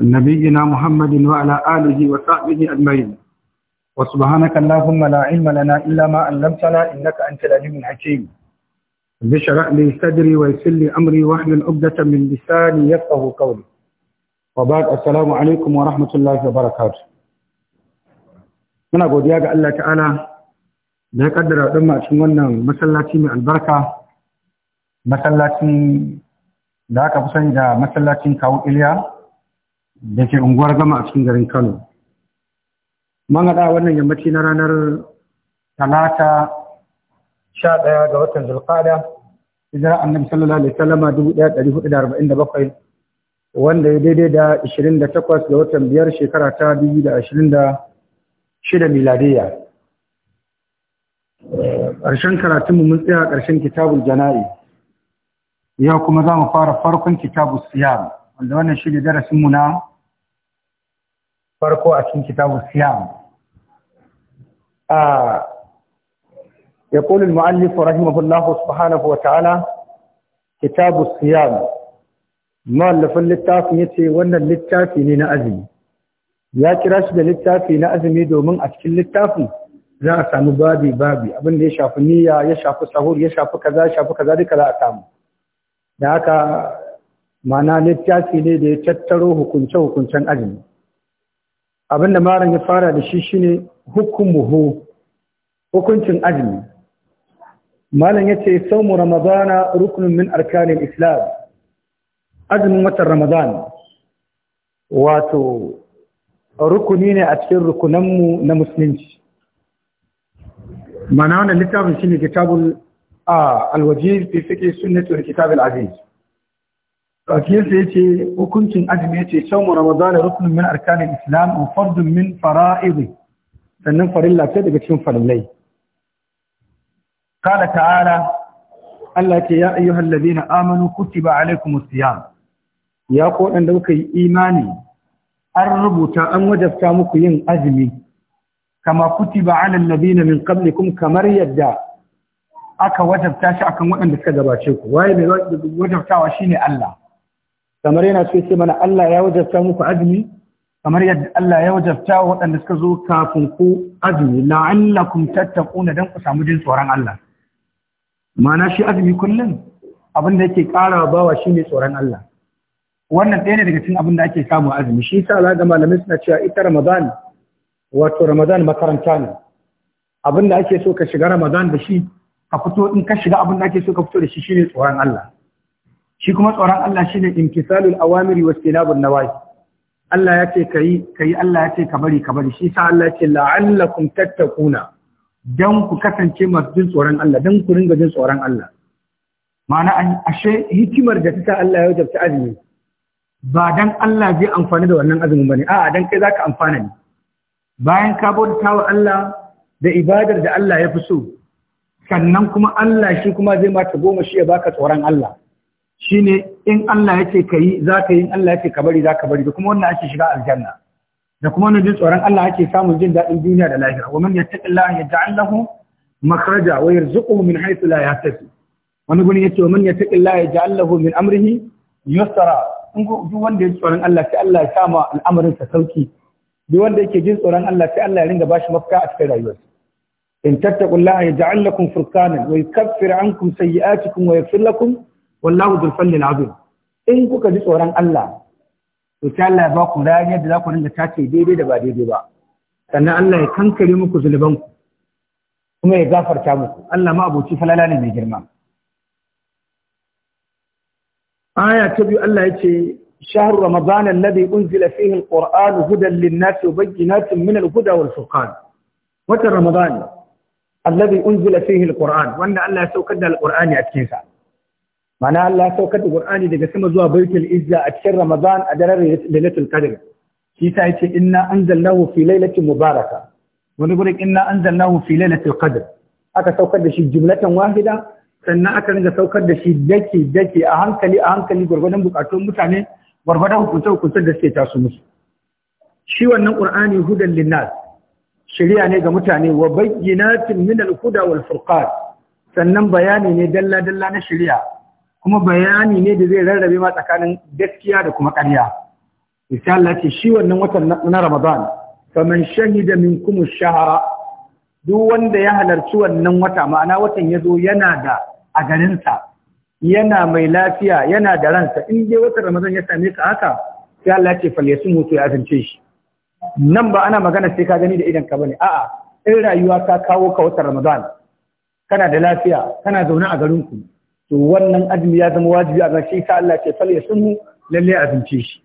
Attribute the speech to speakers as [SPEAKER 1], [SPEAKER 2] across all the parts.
[SPEAKER 1] نبينا محمد وعلى آله وصحبه أجمعين وسبحانك اللهم لا علم لنا إلا ما علمتنا إنك أنت العليم الحكيم بشرح لي صدري ويسر لي أمري واحلل عقدة من لساني يفقه قولي وبعد السلام عليكم ورحمة الله وبركاته muna godiya ga Allah ta'ala da ya kaddara don a cikin wannan masallaci mai albarka masallacin da aka fi sani da masallacin kawo iliya da ke unguwar gama a cikin garin kano man haɗa wannan yammaci na ranar talata sha ɗaya ga watan zulƙada hijira annabi sallallahu alaihi sallama dubu ɗaya ɗari hudu da arba'in da bakwai wanda ya daidai da ashirin da takwas ga watan biyar shekara ta dubu da ashirin da shida miladiyya ƙarshen karatunmu mun tsaya ƙarshen kitabul jana'i yau kuma za mu fara farkon kitabul siyam wanda wannan shi ne darasinmu na farko a cikin kitabu siyam ah, ya kulin mu'allifu rahimahullahu subhanahu wa ta'ala kitabu siyam mallafin littafin ya ce wannan littafi ne na azumi ya kira shi da littafi na azumi domin a cikin littafin za a samu babi babi abin da ya shafi niyya ya shafi sahur ya shafi kaza ya shafi kaza duka za a samu da haka ma'ana littafi ne da ya tattaro hukunce-hukuncen azumi abinda malam ya fara da shi shi hukun hukumuhu hukuncin azumi malam ce saumu ramadana rukunin min arkanin islam azumin watan ramadan wato rukuni ne a cikin rukunanmu na musulunci ma'ana wannan littafin ne kitabun a alwajir fi suke sunnati wal kitabin azumi Fakiyarsa ya ce hukuncin azumi ya ce shan ramadana rukunin min arkanin islam a fardun min sannan farilla sai daga cikin farillai. Kala ta'ala Allah ce ya ayyuhal ladina amanu kutiba alaikum siyam ya ko dan da yi imani an rubuta an wajabta muku yin azumi kama kutiba alal ladina min qablikum kamar yadda aka wajabta shi akan waɗanda suka gabace ku waye mai wajabtawa shine Allah kamar yana so ce mana Allah ya wajabta muku azumi kamar yadda Allah ya wajabta waɗanda suka zo kafin ku azumi la'allakum tattaquna dan ku samu jin tsoron Allah ma'ana shi azumi kullum abin da yake ƙara bawa ne tsoron Allah wannan ɗaya ne daga cikin abin da ake samu azumi shi yasa za ga malamin suna cewa ita Ramadan wato Ramadan makaranta ne abin da ake so ka shiga Ramadan da shi ka fito in ka shiga abin da ake so ka fito da shi shine tsoron Allah shi kuma tsoron Allah shine imtisalul awamiri wastilabun nawahi Allah ya ce kayi kayi Allah ya ce ka bari ka bari shi sa Allah ce la'allakum tattaquna dan ku kasance masu jin tsoron Allah dan ku ringa jin tsoron Allah ma'ana ashe hikimar da ta Allah ya wajabta azumi ba dan Allah zai amfani da wannan azumin bane a'a dan kai zaka amfana ne bayan ka bauta wa Allah da ibadar da Allah ya fi so sannan kuma Allah shi kuma zai mata goma shi ya baka tsoron Allah shine in Allah ya ce ka yi za ka yi in Allah ya ce ka bari za ka bari da kuma wannan ake shiga aljanna da kuma wannan jin tsoron Allah ake samun jin daɗin duniya da lahira wa man yattaqillaha yaj'al lahu makhraja wa yarzuquhu min haythu la yahtasib wani gurin yace wa man yattaqillaha yaj'al lahu min amrihi yusra in duk wanda ya tsoron Allah sai Allah ya sama al'amarin sa sauki duk wanda yake jin tsoron Allah sai Allah ya ringa bashi mafaka a cikin rayuwarsa in tattaqullaha yaj'al lakum furqanan wa yukaffir ankum sayyi'atikum wa yaghfir lakum wallahu dhul fadlil azim in kuka ji tsoron Allah to sai Allah ya ba ku rariya da za ku ringa tace daidai da ba daidai ba sannan Allah ya kankare muku zunuban ku kuma ya gafarta muku Allah ma abuci falala ne mai girma aya ta biyu Allah ya ce shahru ramadan alladhi unzila fihi alquran hudan lin wa bayyinatin min al wal-furqan wata ramadan alladhi unzila fihi alquran wanda Allah ya saukar da alqur'ani a cikin sa mana Allah ya saukar da Qur'ani daga sama zuwa Baitul Izza a cikin Ramadan a daren Lailatul Qadr shi ta yace inna anzalnahu fi lailatin mubaraka wani gurin inna anzalnahu fi lailatul qadr aka saukar da shi jumlatan wahida sannan aka ringa saukar da shi dake dake a hankali a hankali gurgurdan bukatun mutane gurgurdan hukunta hukuntar da suke taso musu shi wannan Qur'ani hudan linnas shari'a ne ga mutane wa bayyinatin min huda wal furqan sannan bayani ne dalla dalla na shari'a kuma bayani ne da zai rarrabe ma tsakanin gaskiya da kuma ƙarya insha Allah ce shi wannan watan na Ramadan faman shahida minkum shahara duk wanda ya halarci wannan wata ma'ana watan ya zo yana da a garinsa yana mai lafiya yana da ransa in dai watan Ramadan ya same ka haka sai Allah ce falyasum mutu ya azance shi nan ba ana magana sai ka gani da idan ka bane a'a in rayuwa ta kawo ka watan Ramadan kana da lafiya kana zaune a garinku to wannan azumi ya zama wajibi a gashi ta Allah ce fal lallai lalle azumce shi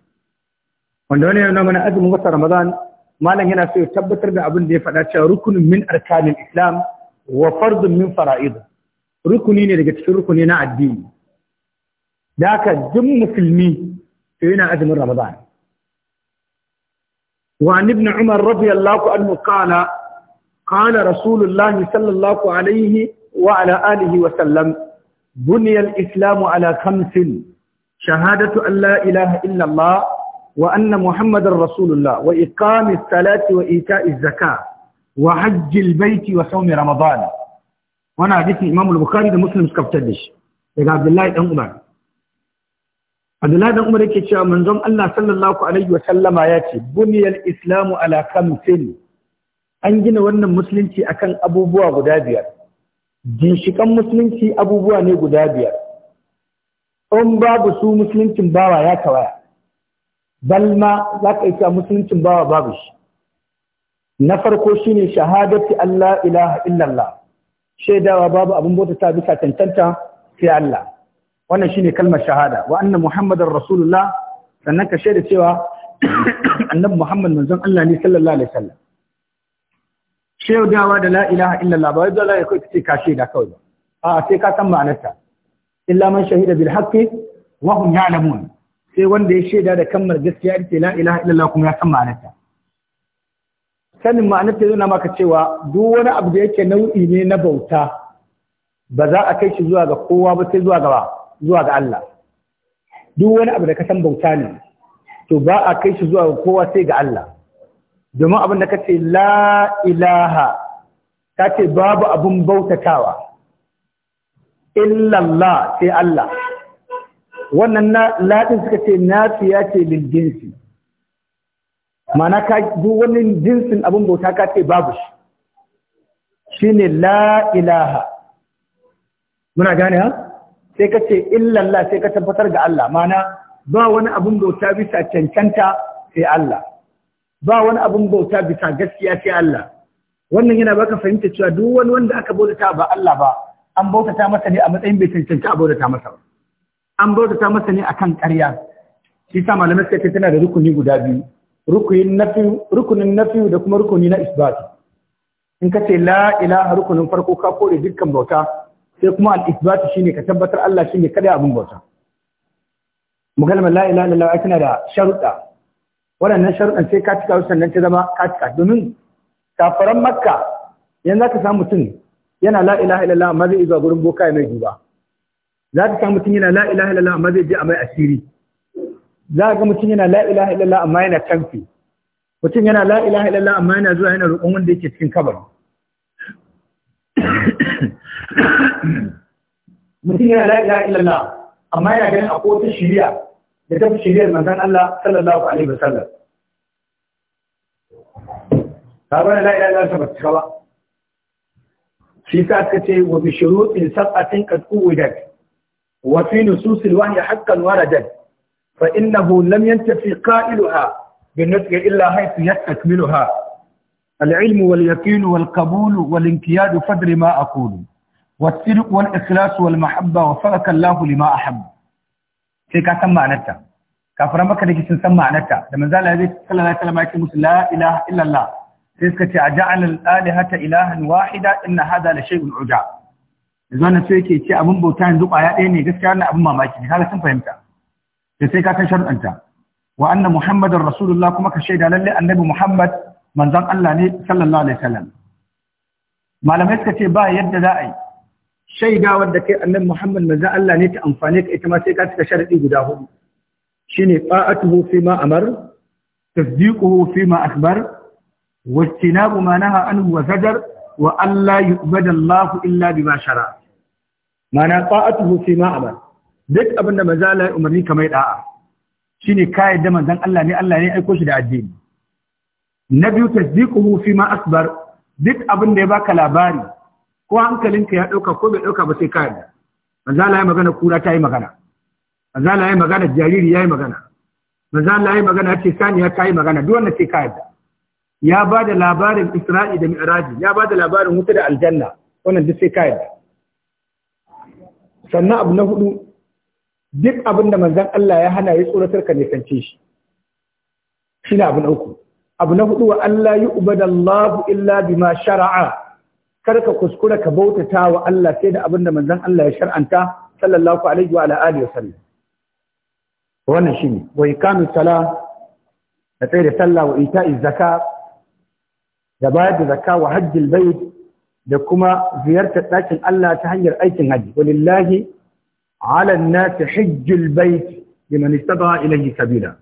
[SPEAKER 1] wanda wani yana mana azumin wata Ramadan malam yana so ya tabbatar da abin da ya faɗa cewa rukunin min arkanin Islam wa fardun min fara'id rukuni ne daga cikin rukuni na addini da haka duk musulmi to yana azumin Ramadan wa ibn Umar radiyallahu anhu qala qala rasulullahi sallallahu alaihi wa ala wa sallam بني الإسلام على خمس شهادة أن لا إله إلا الله وأن محمد رسول الله وإقام الصلاة وإيتاء الزكاة وحج البيت وصوم رمضان وانا حديث إمام البخاري ده مسلم سكفتدش daga Abdullahi dan Umar Abdullahi dan Umar yake cewa manzon Allah sallallahu alaihi wa ya ce buniyal islamu alakamsin. an gina wannan musulunci akan abubuwa guda biyar ginshikan musulunci abubuwa ne guda biyar in babu su musuluncin bawa ya tawaya balma za ka isa musuluncin bawa babu shi na farko shine shahadati Allah ilaha illallah shaidawa babu abin bauta ta bisa tantanta sai Allah wannan shine kalmar shahada wa anna muhammadar rasulullah sannan ka shaida cewa annabi muhammad manzon Allah ne sallallahu alaihi wasallam shaidawa da la ilaha illallah ba wai zalla ya kai ka shaida kawai ba a sai ka san ma'anarta illa man shahida bil haqqi wa hum ya'lamun sai wanda ya shaida da kammar gaskiya ita la ilaha illallah kuma ya san ma'anarta sanin ma'anarta yana maka cewa duk wani abu da yake nau'i ne na bauta ba za a kai shi zuwa ga kowa ba sai zuwa ga zuwa ga Allah duk wani abu da ka san bauta ne to ba a kai shi zuwa ga kowa sai ga Allah domin abin da ce la ilaha ce babu abin bautatawa illallah sai Allah wannan laɗin suka ce nafiya ce lil jinsi mana ka duk wani jinsin abin bauta ka ce babu shi shine la ilaha muna gane ha sai ka ce illallah sai ka tabbatar ga Allah mana ba wani abin bauta bisa cancanta sai Allah ba wani abin bauta bisa gaskiya sai Allah wannan yana baka fahimta cewa duk wani wanda aka bautata ba Allah ba an bautata masa ne a matsayin bai cancanci a bautata masa ba an bautata masa ne akan ƙarya shi sa malamai suka tana da rukuni guda biyu rukunin nafi rukunin nafi da kuma rukuni na isbat in ka ce la ilaha rukunin farko ka kore dukkan bauta sai kuma al isbat shine ka tabbatar Allah shine kada abin bauta mukalmar la ilaha illallah tana da sharuɗa waɗannan sharuɗan sai ka cika sannan ta zama ka cika domin kafaran makka yanzu ka samu mutum yana la ilaha amma zai zuwa gurin boka ya mai duba za ka samu mutum yana la ilaha amma zai je a mai asiri za ga mutum yana la ilaha amma yana canfi mutum yana la ilaha amma yana zuwa yana roƙon wanda yake cikin kabar. mutum yana la ilaha amma yana ganin akwai wata shiriya da ta fi shirya manzan Allah sallallahu alaihi wa sallam sabon la ilaha illa ba cika ba shi ta ka ce wa bi in sab'atin qad uwidat wa fi nususil wahyi haqqan waradat fa innahu lam yantafi qailuha bin nutqi illa haythu yastakmiluha العلم واليقين والقبول والانقياد فدر ما أقول والصدق والإخلاص والمحبة وفرك الله لما أحب sai ka san ma'anarta kafiran maka da sun san ma'anarta da manzo Allah zai sallallahu alaihi wasallam ya ce musu la ilaha illallah sai suka ce aja'al al-alihata ilahan wahida inna hadha la shay'un uja yanzu wannan sai yake ce abin bauta yanzu kwaya ɗaya ne gaskiya wannan abin mamaki ne kaga sun fahimta Sai sai ka san sharuɗanta wa anna muhammadar rasulullah kuma ka shaida lalle annabi muhammad manzon Allah ne sallallahu alaihi wasallam malamai suka ce ba yadda za a yi shaidawar da kai annabi Muhammad manzo Allah ne ta amfane ka ita ma sai ka cika sharadi guda hudu shine ta'atuhu fi ma amar tasdiquhu fi ma akhbar wajtinabu ma naha anhu wa zajar wa alla yu'bada Allah illa bima shara mana ta'atuhu fi ma amar duk abin da manzo Allah ya umarni mai da'a shine ka yadda manzon Allah ne Allah ne aiko shi da addini na biyu tasdiquhu fi ma akhbar duk abin da ya baka labari ko hankalinka ya ɗauka ko bai ɗauka ba sai ka yarda Allah ya magana kura ta yi magana Allah ya magana jariri ya yi magana Allah ya magana ya ce saniya ta yi magana duk wanda sai ka yarda ya ba da labarin isra'i da mi'raji ya ba da labarin wuta da aljanna wannan duk sai ka yarda sannan abu na hudu duk abin da manzan Allah ya hana ya tsoratar ka nisance shi shi ne abu na uku abu na hudu wa Allah yi ubadallahu illa bima shara'a kar ka kuskura ka bautata wa Allah sai da abinda manzon Allah ya shar'anta sallallahu alaihi wa alihi wasallam wannan shine wa ikamu sala da tsaye da sallah wa ita'iz zaka da bayar da wa hajjil bait da kuma ziyartar ɗakin Allah ta hanyar aikin haji walillahi ala an-nasi hajjul bait liman istata ilayhi sabila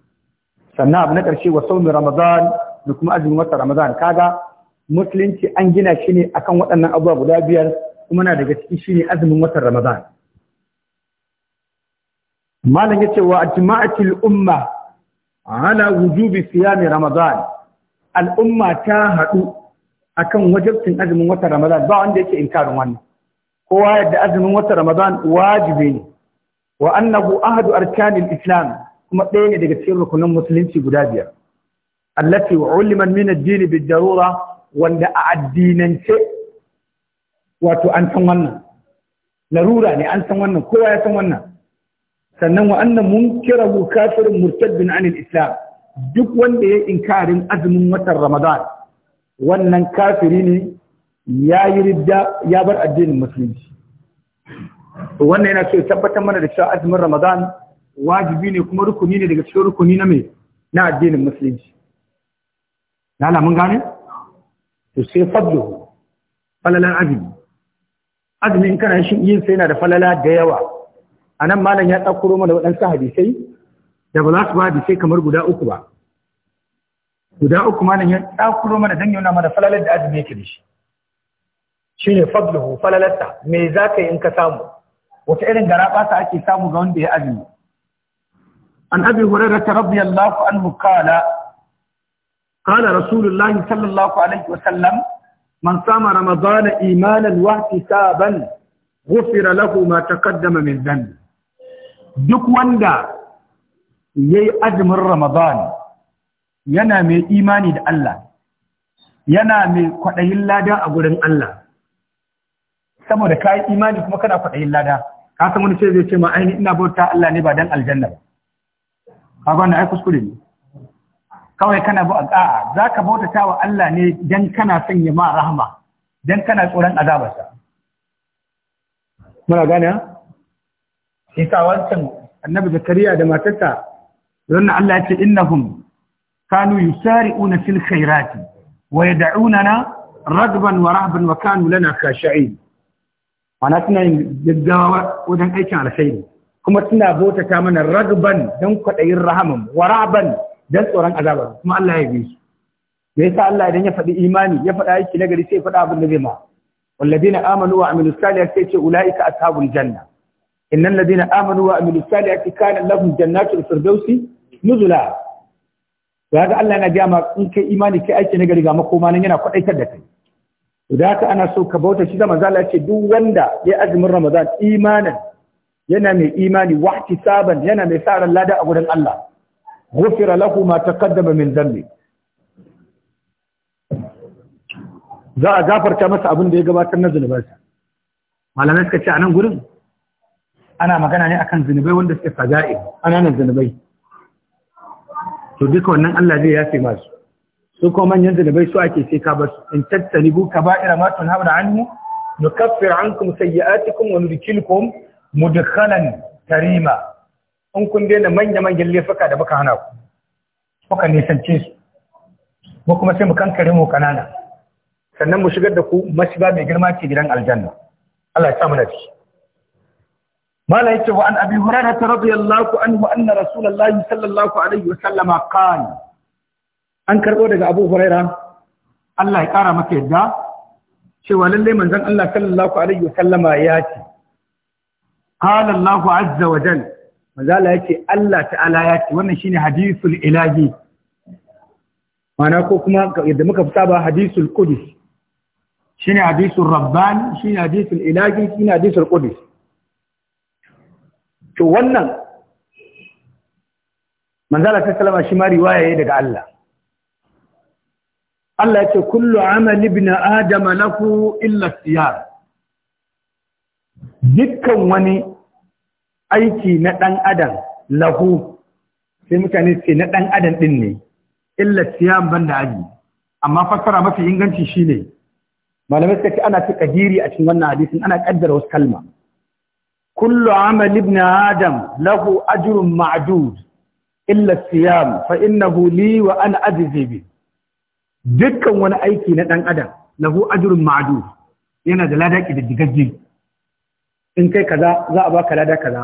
[SPEAKER 1] sannan abu na karshe wa sawmi ramadan da kuma azumin watan ramadan kaga musulunci an gina shi ne akan waɗannan abubuwa guda biyar kuma na daga ciki shi ne azumin watan ramadan malam ya ce wa ajma'atil umma ala wujubi siyami ramadan al'umma ta haɗu akan wajibcin azumin watan ramadan ba wanda yake inkarin wannan kowa yadda azumin watan ramadan wajibi ne wa annahu ahadu arkanil islam kuma ɗaya ne daga cikin rukunin musulunci guda biyar allati uliman min ad-din bid-darura wanda a addinance wato an san wannan larura ne an san wannan kowa ya san wannan sannan wa annan munkirahu kafirin murtaddin anil islam duk wanda ya inkarin azumin watan ramadan wannan kafiri ne ya yi ridda ya bar addinin musulunci wannan yana so ya tabbatar mana da cewa azumin ramadan wajibi ne kuma rukuni ne daga cikin rukuni na mai na addinin musulunci lala mun gane to sai fadlu falalan azumi azumi in kana shi yin sai yana da falala da yawa anan malam ya tsakuro mana waɗansu hadisai da ba za su ba hadisai kamar guda uku ba guda uku malam ya tsakuro mana dan yana mana falalar da azumi yake da shi shine fadluhu falalarsa me za ka yi in ka samu wata irin garaba sa ake samu ga wanda ya azumi an abi hurairah radiyallahu anhu kala قال رسول الله صلى الله عليه وسلم من صام رمضان إيمانا واحتسابا غفر له ما تقدم من ذنبه duk wanda ya yi azumin Ramadan yana mai imani da Allah, yana mai kwaɗayin lada a gurin Allah, saboda ka yi imani kuma kana kwaɗayin lada, ka san wani ce zai ce ma ainihin ina bauta Allah ne ba don aljanna ba, ka na ai kuskure ne. kawai kana bu za zaka bautata wa Allah ne don kana son ya ma rahama don kana tsoron azabarsa muna gane shi isa wancan annabi zakariya da matarsa don Allah ya ce innahum kanu yusari'una fil khairati wa yad'unana ragban wa rahban wa kanu lana khashi'in ana suna yin gaggawa wajen aikin alkhairi kuma suna bautata mana ragban don kwaɗayin rahaman wa rahban dan tsoron azabar kuma Allah ya bi su yasa Allah idan ya faɗi imani ya faɗa aiki na gari sai faɗa abin da zai ma walladina amanu wa amilus salihati sai ce ulaika ashabul janna innal ladina amanu wa amilus salihati kana lahum jannatul firdausi nuzula ya ga Allah yana ga ma in kai imani kai aiki na gari ga makoma nan yana kwadaitar da kai da ana so ka bauta shi da manzo ce duk wanda ya azumin Ramadan imanan yana mai imani wahtisaban yana mai sa ran lada a gurin Allah غفر له ما تقدم من ذنبه za a gafarta masa abin da ya gabatar na zunubansa malamai suka ce a nan gurin ana magana ne akan zunubai wanda suke faza'i ananan zunubai to duka wannan Allah zai yafe masu su kuma manyan zunubai su ake sai ka basu in tattalibu kaba'ira ma tunhabna anhu nukaffir ankum sayyi'atikum wa nudkhilukum mudkhalan karima in kun daina manya-manyan laifuka da muka hana ku muka nisance su mu kuma sai mu kankare mu kanana sannan mu shigar da ku mashiga mai girma ce gidan aljanna Allah ya samu da shi. mala yace wa an abi hurairah radiyallahu anhu anna rasulullahi sallallahu alaihi wa sallama qala an karbo daga abu hurairah Allah ya kara maka yadda cewa lalle manzon Allah sallallahu alaihi wa sallama ya ce qala Allahu azza wa jalla manzala ce Allah ta'ala ya ce wannan shine hadisul ilahi mana ko kuma yadda muka fi saba hadisul qudus shine hadisul rabbani shine hadisul ilahi shine hadisul qudus to wannan manzala ta salama shi ma riwaya ne daga Allah Allah yace kullu amali ibn adam lahu illa siyar dukkan wani aiki na ɗan adam lahu sai mutane ce na ɗan adam ɗin ne illa siyam ban da aji amma fassara mafi inganci shine malamai suka ce ana ta kadiri a cikin wannan hadisin ana kaddara wasu kalma kullu amal ibn adam lahu ajrun ma'dud illa siyam fa innahu li wa ana ajzi bi dukkan wani aiki na ɗan adam lahu ajrun ma'dud yana da lada da digaggi in kai kaza za a baka lada kaza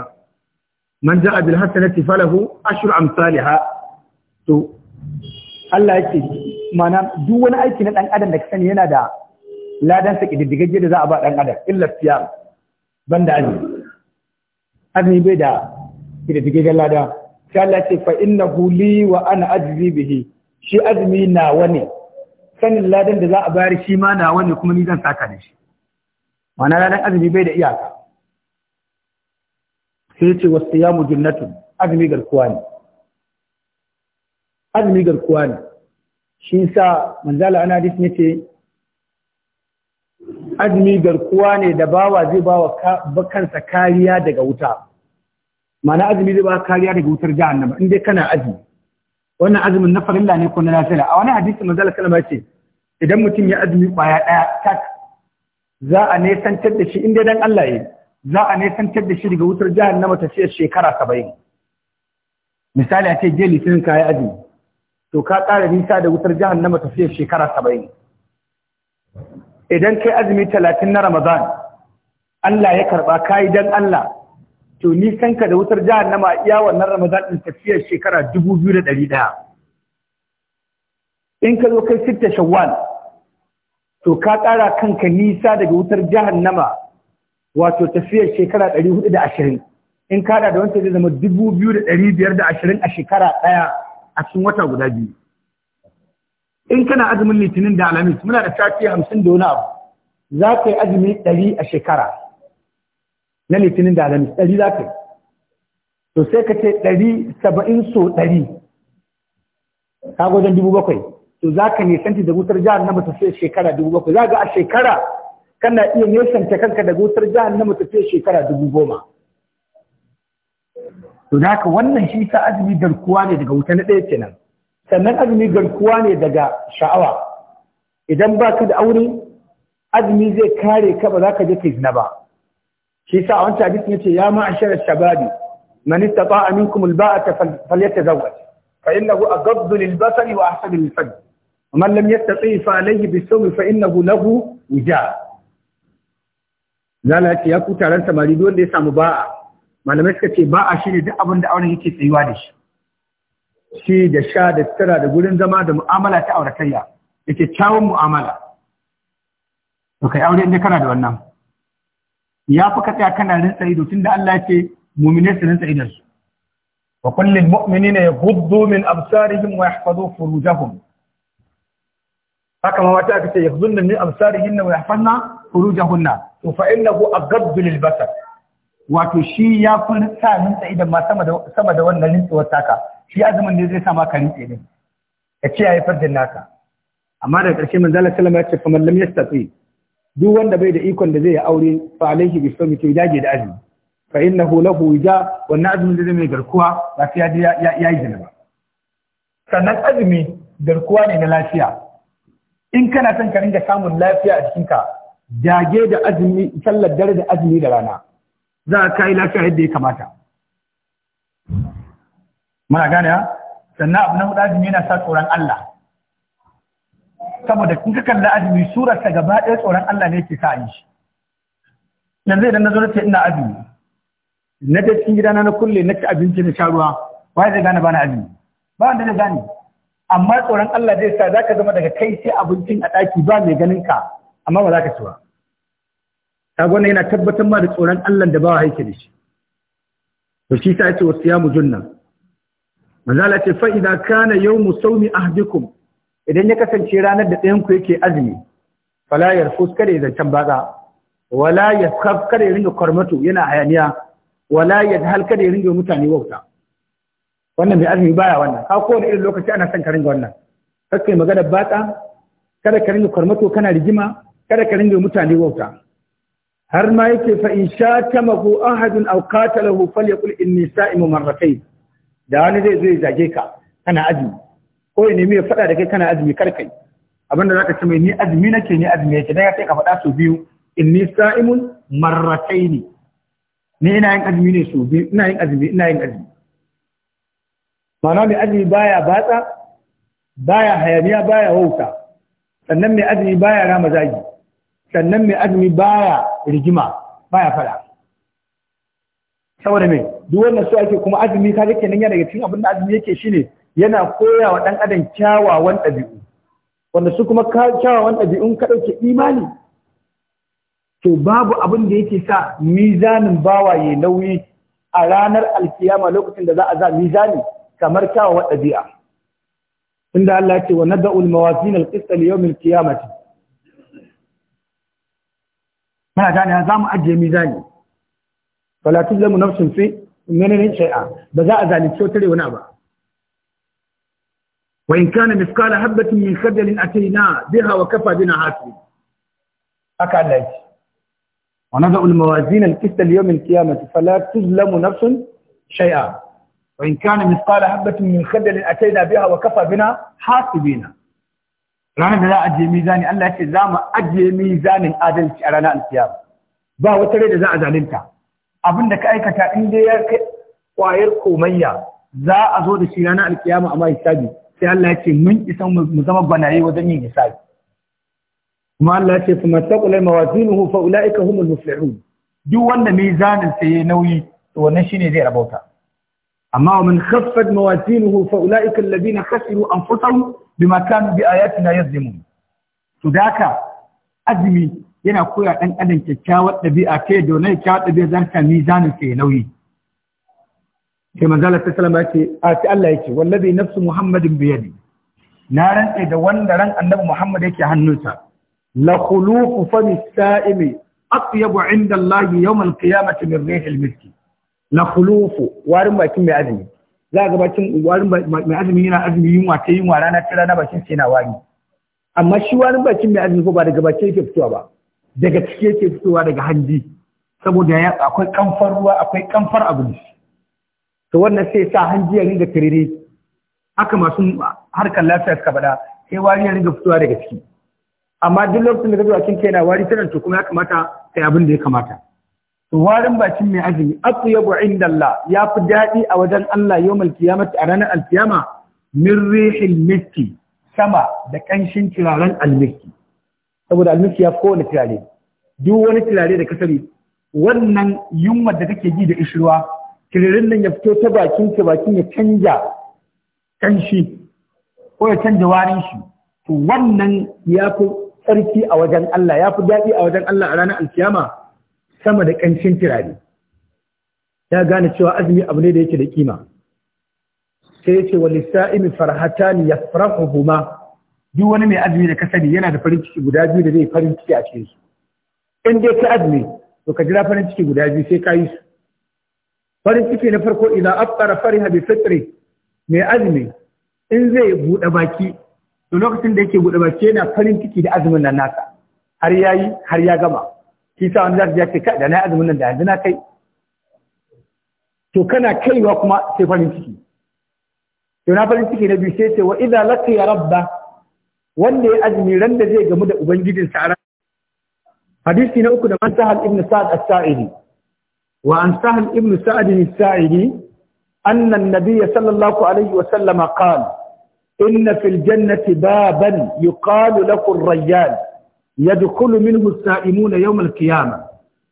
[SPEAKER 1] man ja'a bil hasanati falahu ashru amsalha to Allah yake mana duk wani aiki na dan adam da ka sani yana da ladan sa kididdigagge da za a ba dan adam illa siyam banda azumi azumi bai da kididdigaggen lada sai Allah ce fa innahu li wa ana bihi shi azumi nawa ne sanin ladan da za a bayar shi ma na ne kuma ni zan da shi mana ladan azumi bai da iyaka sai ce wasu ya mujinnatun azumi garkuwa ne azumi garkuwa ne shi sa manzala ana dis ne ce azumi garkuwa ne da bawa zai bawa kansa kariya daga wuta mana azumi zai ba kariya daga wutar jahannama in dai kana azumi wannan azumin na farilla ne ko na lafiya a wani hadisi manzala kalma ce idan mutum ya azumi kwaya daya tak za a nesantar da shi in dai dan Allah ya yi za a nesantar da shi daga wutar jahannama mata siyar shekara saba'in misali a ce je litinin kayi azumi to ka ƙara nisa da wutar jahannama mata siyar shekara saba'in idan kai azumi talatin na ramadan Allah ya karɓa kayi don Allah to nisan ka da wutar jahannama iya wannan ramadan ɗin tafiyar shekara dubu biyu da ɗari ɗaya in ka zo kai sitta shawwal to ka ƙara kanka nisa daga wutar jahannama wato tafiyar shekara 420 in kada da wancan zai zama 2520 a shekara daya a cikin wata guda biyu in kana azumin litinin da alamis muna da sati 50 da wani abu za ka yi azumi 100 a shekara na litinin da alamis 100 za ka yi to sai ka ce 170 so 100 ka wajen bakwai. to za ka nisanci da wutar jihar na mata sai shekara bakwai. za ga a shekara kana iya nesanta kanka daga wutar jahannama ta ce shekara dubu goma to da haka wannan shi ta azumi garkuwa ne daga wuta na ɗaya kenan sannan azumi garkuwa ne daga sha'awa idan ba ka da aure azumi zai kare ka ba za ka je ka zina ba shi sa a wancan hadisi yace ya ma'ashar shababi man istata'a minkum alba'ata falyatazawwaj fa innahu aghaddu lilbasari wa ahsanu lilfajr man lam yastati fa alayhi bisawmi fa innahu lahu wija zala ya ku taron samari duk wanda ya samu ba'a malamai suka ce ba'a shine duk abin da auren yake tsayuwa da shi shi da sha da tsira da gurin zama da mu'amala ta auratayya da kyawun mu'amala to kai auren da kana da wannan ya fi ka tsaya kana rinsa ido tun da Allah ce mu'mine su rinsa idon su wa kullil mu'minina yaghuddu min absarihim wa yahfazu furujahum haka ma mata aka ce ya zunna min hinna wa yahfanna hunna to fa innahu aghaddu lil basar wato shi ya fi sa sai idan ma sama da sama da wannan nintsawar taka shi azumin ne zai sa ma ka rintse ne ka ce ayi fardin naka amma da karshe manzo Allah wasallam ya ce kamar lam yastati duk wanda bai da ikon da zai yi aure fa alaihi bi sawmi to yaje da azumi fa innahu lahu wija wannan azumin da zai mai garkuwa ba sai ya ya yi jinaba sannan azumi garkuwa ne na lafiya in kana son ka ringa samun lafiya a jikinka dage da azumi sallar dare da azumi da rana za ka yi lafiya yadda ya kamata muna gane sannan abu na hudu azumi yana sa tsoron Allah saboda in ka kalla azumi surarsa gaba ɗaya tsoron Allah ne ke sa yi shi yanzu idan na zo na ce ina azumi na ta cikin gidana na kulle na ci abinci na sha ruwa wai zai gane bana azumi ba wanda zai gane amma tsoron Allah zai sa ka zama daga kai sai abincin a ɗaki ba mai ganin ka amma ba za ka ci ba kaga wannan yana tabbatar ma da tsoron Allah da ba wa haike da shi to shi sa yace wasiyamu junna manzala ce fa idza kana yawmu sawmi ahdikum idan ya kasance ranar da ɗayan ku yake azumi fala yarfus kada ya zancan baza wala yaskaf kada ya ringa kwarmato yana hayaniya wala yadhal da ya ringa mutane wauta wannan mai azumi baya wannan ka ko da irin lokaci ana son ka ringa wannan kar kai magana batsa kada ka ringa kwarmato kana rigima kada ka ringa mutane wauta har ma yake fa in sha tamahu ahadun aw qatalahu falyaqul inni sa'imu marratayn da wani zai zo ya zage ka kana azumi ko ya nemi ya faɗa da kai kana azumi kar kai abinda zaka ce mai ni azumi nake ni azumi yake dan sai ka faɗa su biyu inni sa'imun marratayn ni ina yin azumi ne su biyu ina yin azumi ina yin azumi mana mai azumi baya batsa baya hayaniya baya wauta sannan mai azumi baya rama zagi sannan mai azumi baya rigima baya fada saboda mai duk wannan su ake kuma azumi ka yake nan daga cikin abin da azumi yake shine yana koya wa dan adam kyawawan ɗabi'u wanda su kuma kyawawan ɗabi'un ka ke imani to babu abin da yake sa mizanin bawaye nauyi a ranar alkiyama lokacin da za a za mizani kamar kyawawan ɗabi'a inda Allah ya ce wa nada'ul mawazin al-qist li yawm al-qiyamah kana gane za mu ajiye mizani fala tuzlamu nafsun fi menene shay'a ba za a zalunci wata rewa ba wa in kana mithqala habatin min khardalin atayna biha wa kafa bina hasib haka Allah ya ونضع الموازين القسط ليوم القيامة فلا تظلم نفس شيئا وإن كان مثقال حبة من خدل أتينا بها وكفى بنا bina. ranar da za a je mizani Allah ce za mu ajiye mizanin adalci a rana alkiyama ba wata rai da za a zalunta abin da ka aikata in dai ya kai kwayar ya, za a zo da shi ranar alkiyama amma hisabi sai Allah ce mun isa mu zama banaye wajen yin hisabi kuma Allah ya ce fa mattaqul mawazinuhu fa ulaika humul muflihun duk wanda mizanin sa yayi nauyi to wannan shine zai rabauta amma min khaffat mawazinuhu fa ulaika alladhina khasiru anfusahum bima kanu bi ayatina yazlimun to daka azumi yana koya dan adam kyakkyawar dabi'a kai da wannan kyakkyawar dabi'a zan ka mizanin sai nauyi sai manzo Allah sallallahu alaihi wasallam yace Allah yake wallazi nafsu muhammadin bi yadi na rantse da wanda ran annabi muhammad yake hannunsa la khuluqu fami sa'imi atyabu 'inda Allah yawm al min rihil miski na hulufu warin bakin mai azumi za a gabatin warin mai azumi yana azumi yunwa ta yunwa rana ta rana bakin sai na wari amma shi warin bakin mai azumi ko ba daga bakin yake fitowa ba daga ciki yake fitowa daga hanji saboda ya akwai kamfar ruwa akwai kamfar abinci to wannan sai sa hanji ya ringa tirire haka masu harkar lafiya suka faɗa sai wari ya ringa fitowa daga ciki amma duk lokacin da ka zuwa kin kai na wari tana to kuma ya kamata kai abin da ya kamata warin bakin mai azumi atyabu indallah ya fi daɗi a wajen Allah yawmal qiyamati a ranar alkiyama min rihil miski sama da kanshin turaren almiski saboda almiski ya fi kowane turare duk wani turare da kasari wannan yunwa da kake ji da ishirwa tiririn nan ya fito ta bakin ka bakin ya canja ko ya canja warin shi to wannan ya fi tsarki a wajen Allah ya fi daɗi a wajen Allah a ranar alkiyama sama da ƙancin turare ya gane cewa azumi abu ne da yake da kima sai ya ce wa lissa'imi farhatani yafrahuhuma duk wani mai azumi da ka sani yana da farin ciki guda biyu da zai farin ciki a cikin su in dai ka azumi to ka jira farin ciki guda biyu sai ka yi su farin ciki na farko idan afkara fari habi fitri mai azumi in zai buɗe baki to lokacin da yake buɗe baki yana farin ciki da azumin nan naka har yayi har ya gama Kisa sa wani zai ce kai da na azumin nan da yanzu na kai to kana kaiwa kuma sai farin ciki to na farin ciki na biyu sai ce wa idza ya rabba wanda ya azumi ran da zai gamu da ubangijin sa ran hadisi na uku da man sahal ibn sa'ad as-sa'idi wa an sahal ibn sa'ad as-sa'idi anna an-nabiy sallallahu alaihi wa sallama qala inna fil jannati baban yuqalu lahu ar-rayyan يدخل منه السائمون يوم القيامة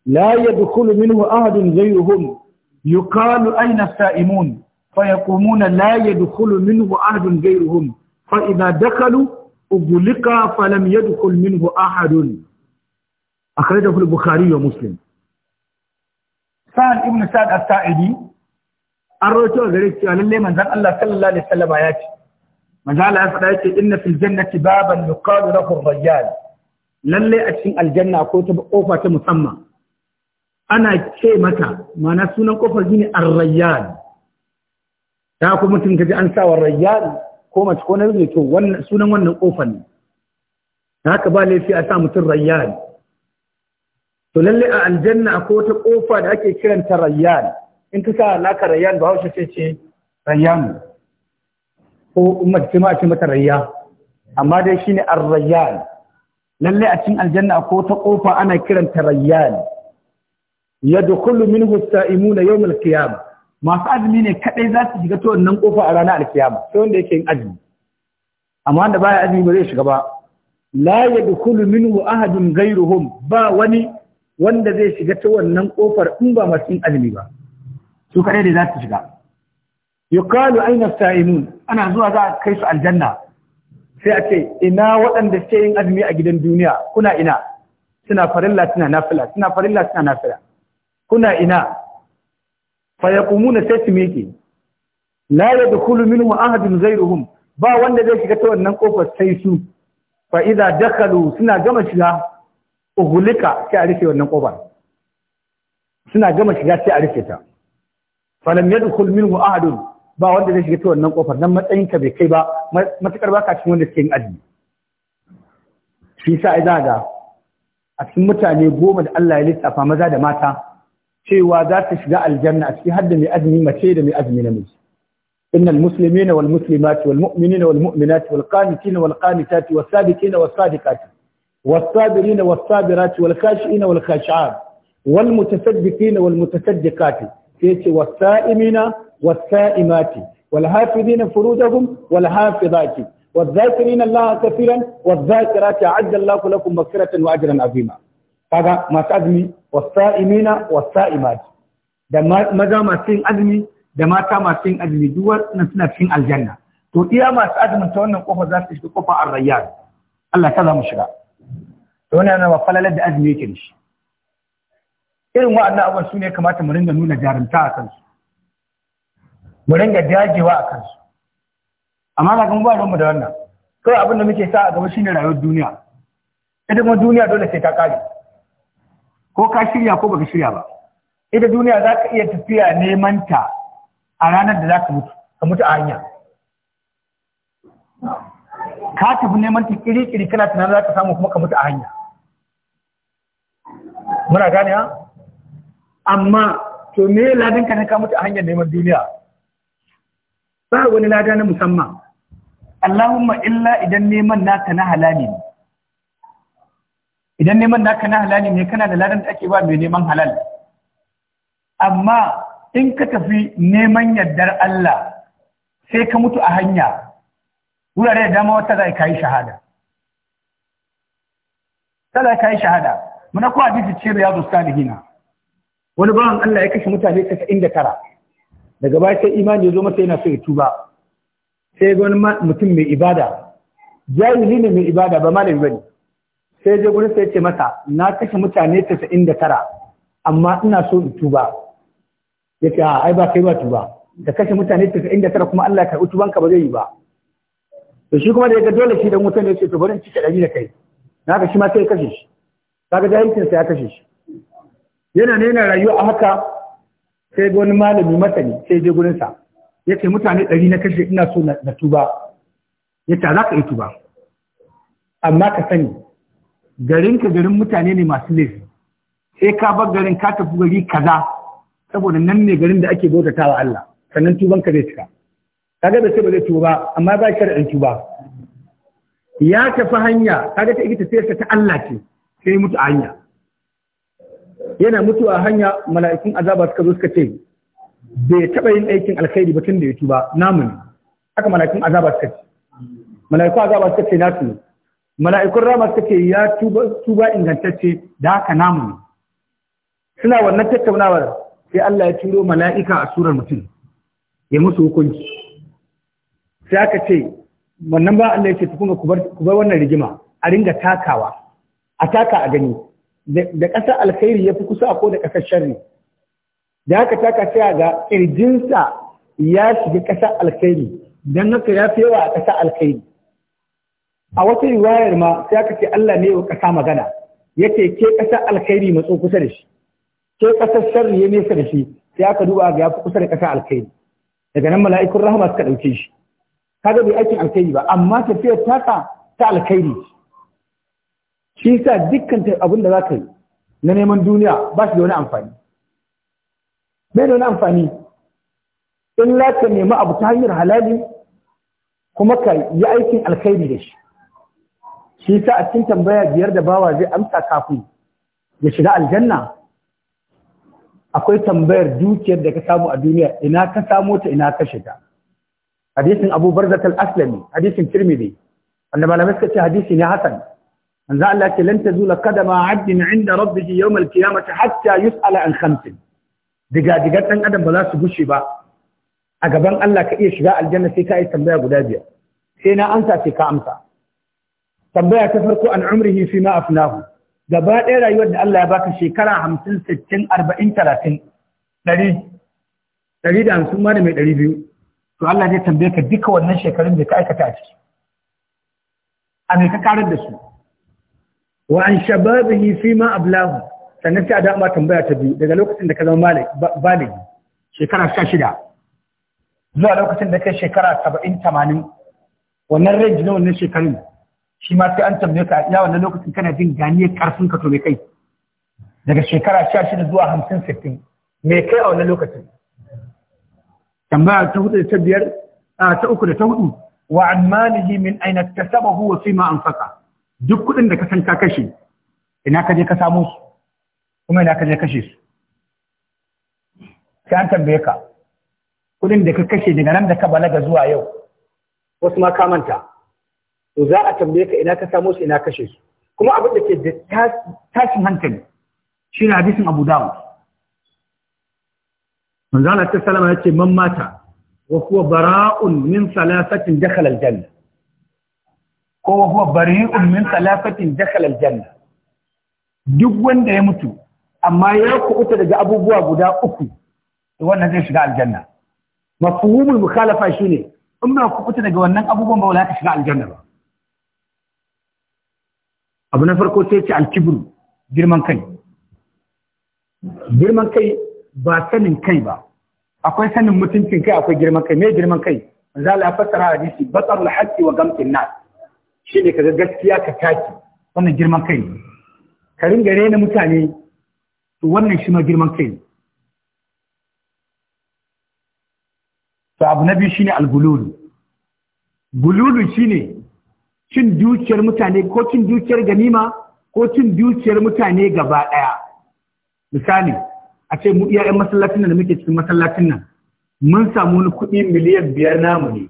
[SPEAKER 1] لا يدخل منه أحد غيرهم يقال أين السائمون فيقومون لا يدخل منه أحد غيرهم فإذا دخلوا أغلق فلم يدخل منه أحد أخرجه البخاري ومسلم سعد ابن سعد الساعدي الرجل ذلك على الله من ذن الله صلى الله عليه وسلم آياته من ذن الله إن في الجنة بابا يقال له الرجال Lallai a cikin aljanna ko ta kofa ta musamman ana ce mata mana sunan kofar gini ar-rayyan ta kuma mutum ji an sawa rayyan ko mace ko namiji to wannan sunan wannan kofar ne haka ba laifi a sa mutum rayyan to lallai a aljanna ko wata kofa da ake kiranta rayyan in ka sa naka rayyan ba hausa ce ce rayyan ko umma ce ma ce mata rayya amma dai shine ar Lallai a cikin aljanna ko ta kofa ana kiranta rayyan yadkhulu minhu as-sa'imuna yawm yau qiyamah masu azumi ne kadai za su shiga ta wannan kofa a ranar alkiyama sai wanda yake yin azumi amma wanda baya azumi ba zai shiga ba la yadkhulu minhu ahadun ghayruhum ba wani wanda zai shiga ta wannan kofar in ba masu yin azumi ba su kadai da za su shiga yuqalu aina as-sa'imun ana zuwa za a kai su aljanna sai a ce ina waɗanda suke yin azumi a gidan duniya kuna ina suna farilla suna nafila suna farilla suna nafila kuna ina fa yaqumuna sai su miƙe la yadkhulu minhu ahadun ghayruhum ba wanda zai shiga ta wannan kofar sai su fa idza dakhalu suna gama shiga ugulika sai a rufe wannan kofar suna gama shiga sai a rufe ta lam yadkhul minhu ahadun ba wanda zai shiga ta wannan kofar nan matsayin ka bai kai ba matukar baka cikin wanda suke yin aji. shi sa ai zaga a cikin mutane goma da Allah ya lissafa maza da mata cewa za ta shiga aljanna a cikin da mai azumi mace da mai azumi namiji إن المسلمين والمسلمات والمؤمنين والمؤمنات والقانتين والقانتات والصادقين والصادقات والصابرين والصابرات والخاشئين والخاشعات والمتصدقين والمتصدقات والسائمين والسائمات والحافظين فروجهم والحافظات والذاكرين الله كثيرا والذاكرات أعد الله لكم مغفرة وأجرا عظيما kaga masu azumi wasa'imina wasa'imat da maza masu yin azumi da mata masu yin azumi duk wannan suna cikin aljanna to iya masu azumin ta wannan kofa za su shiga kofa ar-rayyan Allah ta za mu shiga to wannan na falalar da azumi yake da irin wa'annan abubuwan su ne kamata mu ringa nuna jarumta a kansu mu ringa dajewa a kansu amma na kan gwanon mu da wannan kawai abin da muke sa a gaba shine rayuwar duniya ita kuma duniya dole sai ta kare ko ka shirya ko baka shirya ba ita duniya za ka iya tafiya neman ta a ranar da za ka mutu ka mutu a hanya ka tafi neman ta kiri-kiri kana tunanin za ka samu kuma ka mutu a hanya muna gane ha amma to me ladin ka ne ka mutu a hanyar neman duniya ba wani lada na musamman Allahumma illa idan neman naka na halali ne idan neman naka na halali ne kana da ladan da ake ba mai neman halal amma in ka tafi neman yardar Allah sai ka mutu a hanya wurare da dama wata za ka yi shahada za ka yi shahada muna kuwa hadisi ce da salihina wani bawan Allah ya kashe mutane 99 daga baya sai imani ya zo masa yana so ya tuba sai ga wani mutum mai ibada jahili ne mai ibada ba malami bane sai je gurin sai ya ce masa na kashe mutane 99 amma ina so in tuba yace a ai ba kai ba tuba da kashe mutane 99 kuma Allah ya karɓi tubanka ba zai yi ba to shi kuma da yaga dole shi dan wutan ne ce to bari in cike kadari da kai ga shi ma sai ya kashe shi kaga jahilcin sa ya kashe shi yana ne yana rayuwa a haka sai ga wani malami masani sai je gurin sa ya ce mutane ɗari na kashe ina so na tuba ya ce za ka yi tuba amma ka sani garin ka garin mutane ne masu laifi sai ka bar garin ka tafi gari kaza saboda nan ne garin da ake bautatawa Allah sannan tuban ka zai cika kaga da sai ba zai tuba amma ba shi da tuba ya tafi hanya kaga ta ita sai ta Allah ce sai mutu a hanya yana mutu a hanya mala'ikun azaba suka zo suka ce bai taɓa yin aikin alkhairi ba tun da ya tuba namu ne haka mala'ikun azaba suka ce mala'ikun azaba suka ce nasu ne mala'ikun rama suka ce ya tuba ingantacce da haka namu ne suna wannan tattaunawar sai Allah ya turo mala'ika a surar mutum ya musu hukunci sai aka ce wannan ba Allah ya ce tukunga ku bar wannan rigima a ringa takawa a taka a gani da ƙasar alkhairi ya fi kusa ko da ƙasar sharri da haka ta kasaya ga ƙirjinsa ya shiga ƙasa alkhairi don haka ya fi yawa a ƙasa alkhairi a wata riwayar ma sai aka ce Allah ne wa ƙasa magana yace ke ƙasa alkhairi matso kusa da shi ke ƙasar sharri ya nesa da shi sai aka duba ga ya fi kusa da ƙasa alkhairi daga nan mala'ikun rahama suka ɗauke shi kaga bai aikin alkhairi ba amma tafiyar taka ta alkhairi shi sa dukkan abin da za ka yi na neman duniya ba shi da wani amfani bai da wani amfani in za ka nemi abu ta hanyar halali kuma ka yi aikin alkhairi da shi shi sa a cikin tambaya biyar da bawa zai amsa kafin ya shiga aljanna akwai tambayar dukiyar da ka samu a duniya ina ka samo ta ina ka shiga hadisin abu barzat aslami hadisin tirmidhi wanda malamai suka ce hadisi ne hasan manzo Allah ce lan tazula qadama 'abdin 'inda rabbih yawm al-qiyamati hatta yus'ala an khamsin diga diga dan adam ba za su gushe ba a gaban Allah ka iya shiga aljanna sai ka yi tambaya guda biyar sai na amsa sai ka amsa tambaya ta farko an umrihi fi ma afnahu gaba ɗaya rayuwar da Allah ya baka shekara hamsin sittin arba'in talatin ɗari ɗari da hamsin ma da mai ɗari biyu to Allah zai tambaye ka duka wannan shekarun da ka aikata a ciki a me ka karar da su wa an shababihi fi ma ablahu sannan sai a dama tambaya ta biyu daga lokacin da ka zama baligi shekara sha shida, zuwa lokacin da kai shekara saba'in tamanin, wannan range na wannan shekarun shi ma sai an tambaye ka ya wannan lokacin kana jin ganiyar karfin ka to me kai daga shekara sha shida, zuwa hamsin 60 mai kai a wannan lokacin tambaya ta hudu da ta biyar ta uku da ta hudu wa an malihi min aina tasabahu wa fi ma anfaqa duk kuɗin da ka san ka kashe ina ka je ka samo su kuma ina ka je kashe su sai an tambaye ka kuɗin da ka kashe daga nan da ka balaga zuwa yau wasu ma ka manta to za a tambaye ka ina ka samo su ina kashe su kuma abin da ke da tashin hankali shi ne hadisin Abu Dawud manzala Allah ta sallama yace man mata wa huwa bara'un min salasatin dakhala aljanna ko wa huwa bari'un min salafatin dakhala aljanna duk wanda ya mutu amma ya kuɓuta daga abubuwa guda uku wannan zai shiga aljanna mafhumul mukhalafa shine in ba kuɓuta daga wannan abubuwan ba wala ka shiga aljanna ba abu na farko sai ce alkibru girman kai girman kai ba sanin kai ba akwai sanin mutuncin kai akwai girman kai me girman kai manzo Allah hadisi batarul haqqi wa gamtin nas shi ne kaga gaskiya ka taki wannan girman kai ne ka ringa na mutane to wannan shi ma girman kai ne to abu na biyu shine algululu gululu shine cin dukiyar mutane ko cin dukiyar ganima ko cin dukiyar mutane gaba ɗaya misali a ce mu 'yan masallacin nan da muke cikin masallacin nan mun samu wani kuɗi miliyan biyar namu ne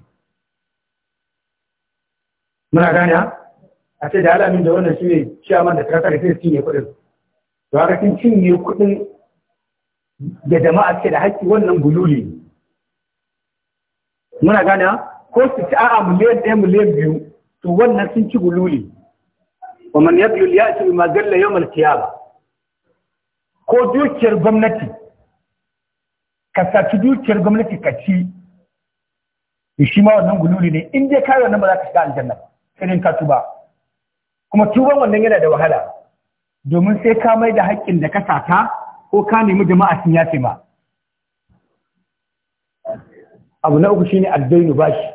[SPEAKER 1] muna gane a ce da alamin da wannan shi ne ciyaman da ta da sai cinye kuɗin to haka sun cinye kuɗin da jama'a ce da haƙƙi wannan gululi muna gane ko su ci a'a miliyan ɗaya miliyan biyu to wannan sun ci gululi wa man yablul ya bima dalla yawm al-qiyamah ko dukiyar gwamnati ka saci dukiyar gwamnati ka ci shi ma wannan gululi ne in dai kayo wannan ba za ka shiga aljanna ba irin ka tuba kuma tuban wannan yana da wahala domin sai ka mai da haƙƙin da ka sata ko ka nemi jama'a sun yafe ma abu na uku shi shine addainu bashi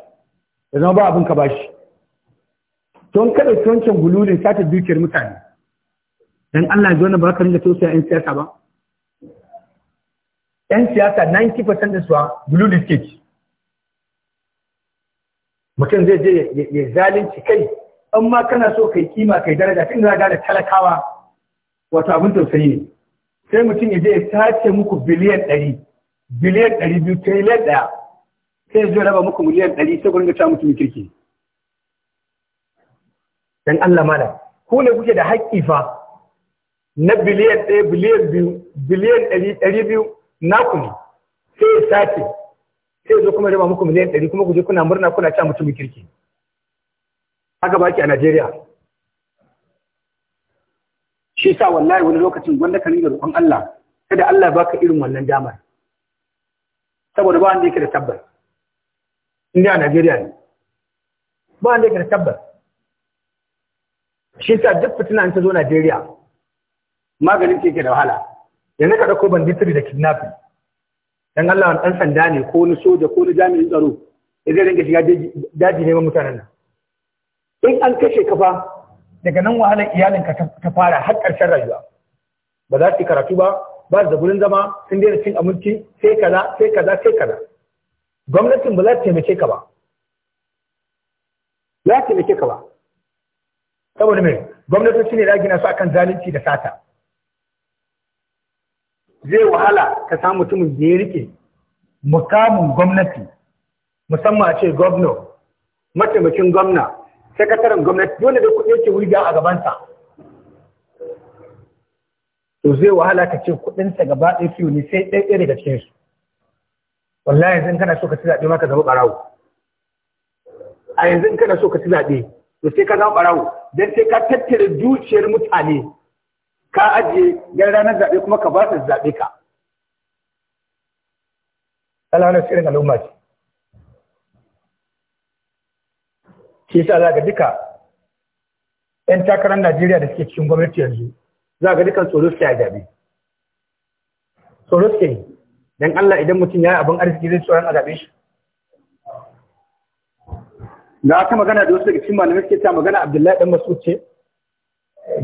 [SPEAKER 1] da zama ba abin ka bashi don kada wancan gululin sata dukiyar mutane Don Allah ya ba ka ringa tausaya yan siyasa ba yan siyasa 90% da suwa gululin suke ci mutum zai je ya zalunci kai an ma kana so kai kima kai daraja tun za da talakawa wato abin tausayi ne sai mutum ya je ya tace muku biliyan ɗari biliyan ɗari biyu tiriliyan ɗaya sai zai raba muku miliyan ɗari sai ku ringa ta mutum kirki dan Allah mana ku ne kuke da haƙƙi fa na biliyan ɗaya biliyan biyu biliyan ɗari ɗari biyu naku ne sai ya sace sai zo kuma raba muku miliyan ɗari kuma ku je kuna murna kuna cewa mutumin kirki haka baki a Najeriya shi sa wallahi wani lokacin gwanda ka ringa roƙon Allah kada Allah baka irin wannan damar saboda ba wanda yake da tabbas inda a Najeriya ne ba wanda yake da tabbas shi sa duk fitina ta zo Najeriya maganin ke da wahala yanzu ka ɗauko banditiri da kidnapping dan Allah wani dan sanda ne ko ni soja ko ni jami'in tsaro ya zai rinka shiga daji neman mutanen nan in an kashe ka fa daga nan wahalar iyalinka ta fara har ƙarshen rayuwa ba za su yi karatu ba ba da gurin zama sun daina cin abinci sai kaza sai kaza sai kaza gwamnatin ba za ta taimake ka ba za ta taimake ka ba saboda me gwamnatoci ne da gina su akan zalunci da sata zai wahala ka samu mutumin da ya rike mukamin gwamnati musamman a ce gwamna mataimakin gwamna sakataren gwamnati dole da kuɗi yake wuri a gabansa to zai wahala ka ce kuɗinsa gaba ɗaya fiye ne sai ɗaya ɗaya daga cikin su wallahi yanzu kana so ka ci zaɓe maka zama ɓarawo a yanzu kana so ka ci zaɓe to sai ka zama ɓarawo don sai ka tattara dukiyar mutane ka ajiye don ranar zaɓe kuma ka ba su zaɓe ka alhanar tsirin al'umma ce Ke sa za ga duka 'yan takarar najeriya da suke cikin gwamnati yanzu za ga dukan tsoro suke a zaɓe tsoro suke yi don allah idan mutum ya yi abin arziki zai tsoron a zaɓe shi da aka magana da wasu daga cikin malamai suke ta magana abdullahi ɗan masu ce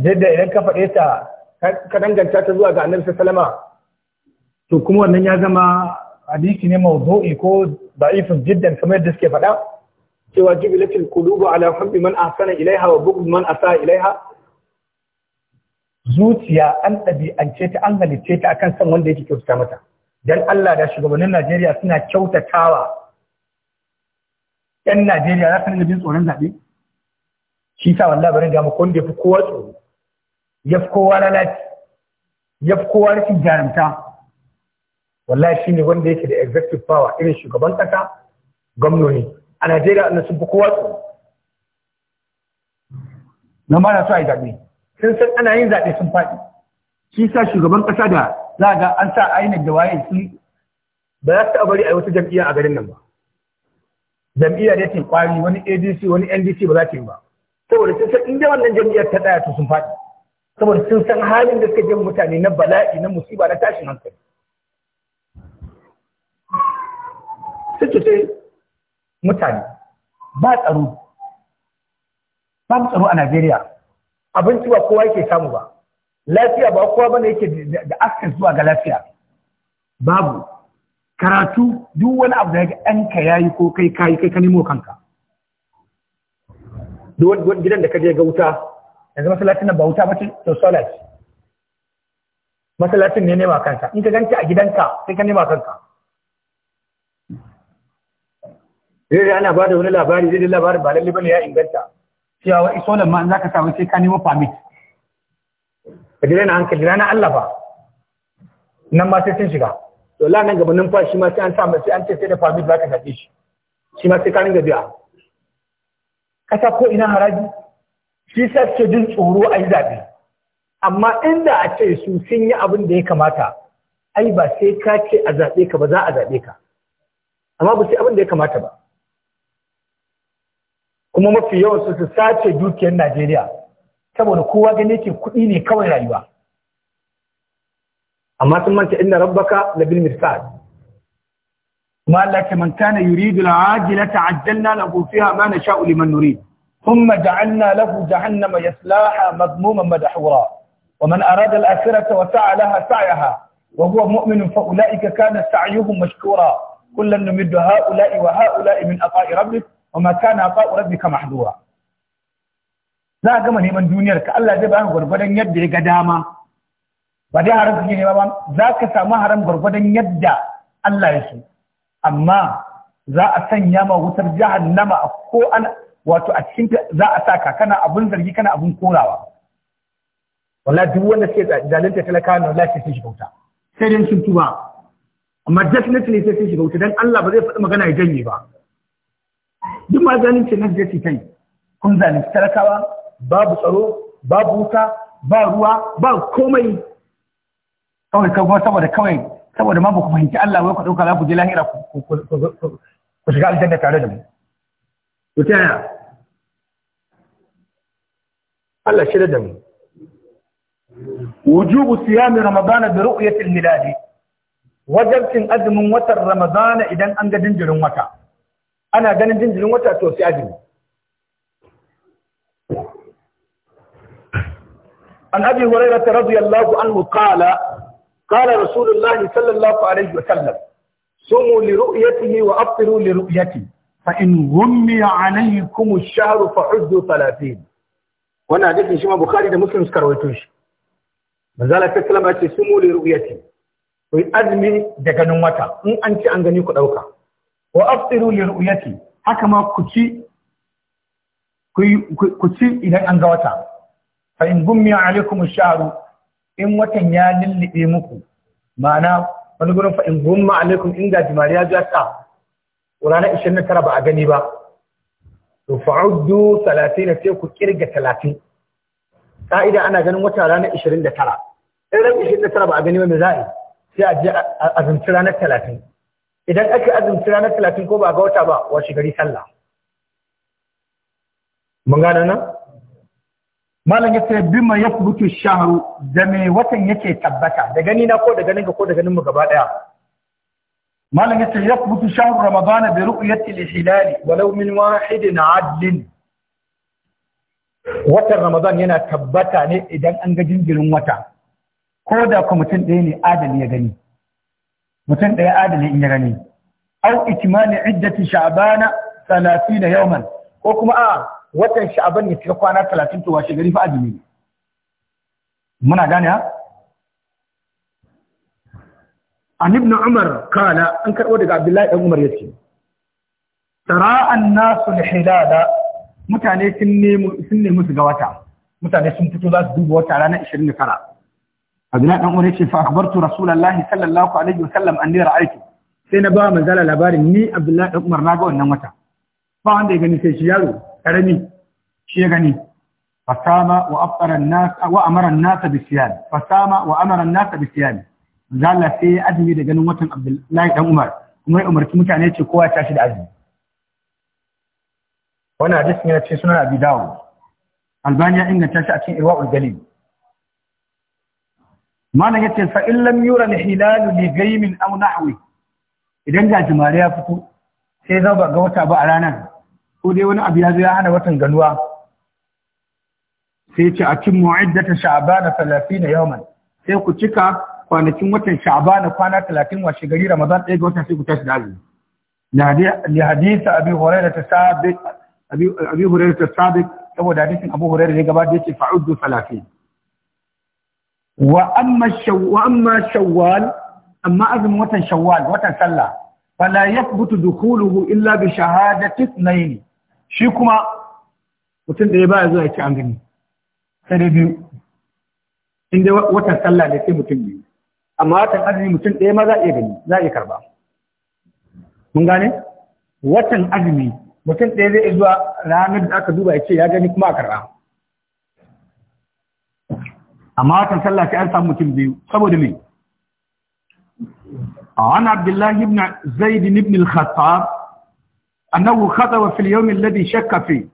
[SPEAKER 1] yadda idan ka faɗe ta ka danganta ta zuwa ga annabi sallama to kuma wannan ya zama hadisi ne mawdu'i ko da'ifun jiddan kamar yadda suke faɗa cewa jibilatul qulubu ala hubbi man ahsana ilaiha wa bughd man asaa ilaiha zuciya an ɗabi'ance ta an halicce ta akan san wanda yake kyauta mata dan Allah da shugabannin Najeriya suna kyautatawa ‘yan Najeriya za su nuna jin tsoron zaɓe? Shi sa wallahi barin ga makon da ya fi kowa tsoro. ya fi kowa lalaci ya fi kowa rashin jarumta wallahi ne wanda yake da executive power irin shugaban kasa gwamnoni a Najeriya ana sun fi kowa na mara su a yi zaɓe sun san ana yin zaɓe sun faɗi shi sa shugaban kasa da za ga an sa ainihin da waye su ba za su bari a wata jam'iyya a garin nan ba jam'iyya da yake kwari wani adc wani ndc ba za ta yi ba saboda sun san inda wannan jam'iyyar ta tsaya to sun faɗi saboda sun san halin da suka jin mutane na bala'i na musiba na tashin hankali sun ce mutane ba tsaro ba mu tsaro a Najeriya abinci ba kowa yake samu ba lafiya ba kowa bane yake da askin zuwa ga lafiya babu karatu duk wani abu da yake ya yi ko kai kayi kai ka nemo kanka duk gidan da ka je ga wuta yanzu masallacin nan ba wuta bace to solar masallacin ne nema kanka in ka ganta a gidanka sai ka nema kanka Yau eh, ana ba da wani labari zai labarin ba lalle bane ya inganta cewa iso ma za ka samu sai ka nemo permit ka jira na hankali rana Allah ba nan ma sai sun shiga to la nan gaba numfashi ma sai an sa sai an ce sai da permit za ka shi shi ma sai ka ringa biya kasa ko ina haraji shi sa jin tsoro a yi zaɓe amma inda a ce su sun yi abin da ya kamata ai ba sai ka ce a zaɓe ka ba za a zaɓe ka amma ba sai abin da ya kamata ba kuma mafi yawan su sace dukiyar Najeriya saboda kowa gani ke kuɗi ne kawai rayuwa amma sun manta inda rabbaka labil mirsad kuma Allah ke man kana yuridu al'ajilata ajjalna na fiha ma nasha'u liman Nuri. ثم جعلنا له جهنم يسلاحا مضموما مدحورا ومن أراد الآخرة وسعى لها سعيها وهو مؤمن فأولئك كان سعيهم مشكورا كلا نمد هؤلاء وهؤلاء من أطاء ربك وما كان أطاء ربك محذورا لا كما نيمان دنيا لك ألا جب أن غربدا يدع قداما بدي أعرف جيني بابا ذاك سامو حرم غربدا يدع الله يسو أما ذا أسن يما وترجع النما أكو أنا wato a cikin za a ka kana abun zargi kana abun korawa Wala duk wanda suke zalunta talakawa na wallahi sai shi bauta sai dai sun tuba amma definitely sai sun shiga wuta dan Allah ba zai faɗi magana ya janye ba duk ma zalunci nan da kai kun zalunci talakawa babu tsaro babu wuta ba ruwa ba komai kawai kuma saboda kawai saboda ma ba ku fahimci Allah wai ku ɗauka za ku je lahira ku shiga aljanna tare da mu to ta هلا شيل دم وجوب صيام رمضان برؤية الميلاد وجب ان اذن وتر رمضان اذا ان جنجرن وتر انا جن جنجرن وتا تو سي اذن عن ابي هريره رضي الله عنه قال قال رسول الله صلى الله عليه وسلم صوموا لرؤيته وأبطلوا لرؤيتي فان غمي عليكم الشهر فحجوا ثلاثين wannan hadisin shi ma bukhari da muslim suka rawaito shi manzala ta sallama ce sumu li ru'yati ku azmi da ganin wata in an ci an gani ku dauka wa aftiru li ru'yati haka ma ku ci ku ci idan an ga wata fa in gummi alaikum ash-sha'ru in watan ya lillibe muku ma'ana wani gurin fa in gumma alaikum in ga jimariya ya ta ranar 29 ba a gani ba to fa'uddu 30 sai ku kirga 30 ka'ida ana ganin wata ranar 29 in 29 ba a gani ba me za'i sai a je azumci ranar 30 idan aka azumci ranar 30 ko ba ga wata ba washe gari sallah mun gane nan malam ya ce bima ya kubutu shaharu da me watan yake tabbata da gani na ko da ganin ka ko da ganin mu gaba daya malam yace yakutu shahru ramadan bi ru'yati al-hilal walau min wahidin adlin Wata ramadan yana tabbata ne idan an ga jinjirin wata ko da ku mutum ɗaya ne adali ya gani mutum ɗaya adali in ya gani au ikmani iddati sha'bana 30 yawman ko kuma a watan sha'ban ne ta kwana 30 to washe gari fa azumi muna gane ha an ibn umar kana an karɓo daga abdullahi ɗan umar yace tara annasu hilala mutane sun nemo sun nemo su ga wata mutane sun fito za su duba wata ranar 29 abdullahi ɗan umar yace fa akhbartu rasulullahi sallallahu alaihi wasallam anni ra'aytu sai na ba manzala labarin ni abdullahi ɗan umar na ga wannan wata ba wanda ya gani sai shi yaro karami shi ya gani fasama wa amara an-nas bi zala sai ya azumi da ganin watan Abdullahi dan Umar kuma ya umarci mutane ce kowa ya tashi da azumi wannan hadisin ne ce suna Abi dawo. Albani ya inganta shi a cikin irwa Galil malam yace fa in yura yura hilal li ghaymin aw nahwi idan ga jimare ya fito sai zo ga wata ba a ranar ko dai wani abu ya zo ya hana watan ganuwa sai ce a cikin mu'iddata sha'ban 30 yawman sai ku cika kwanakin watan sha'ban kwana 30 washe gari ramadan ɗaya ga watan sai ku tashi da azumi li hadisi abi hurairah ta sabiq abi hurairah ta sabiq saboda hadisin abu hurairah ne gaba da yake fa'uddu 30 wa amma shawwal amma azumin watan shawwal watan sallah fala yathbutu dukuluhu illa bi shahadati ithnayn shi kuma mutum da ya baya zuwa ya ci an gani sai dai biyu In dai watan sallah ne sai mutum biyu amma azumi mutum ɗaya ma za a iya gani za a iya karba mun gane watan azumi mutum ɗaya zai zuwa ranar da aka duba ya ce ya gani kuma a karba amma watan sallah sai an samu mutum biyu saboda me عن عبد الله بن زيد بن الخطاب أنه خطب في اليوم الذي شك فيه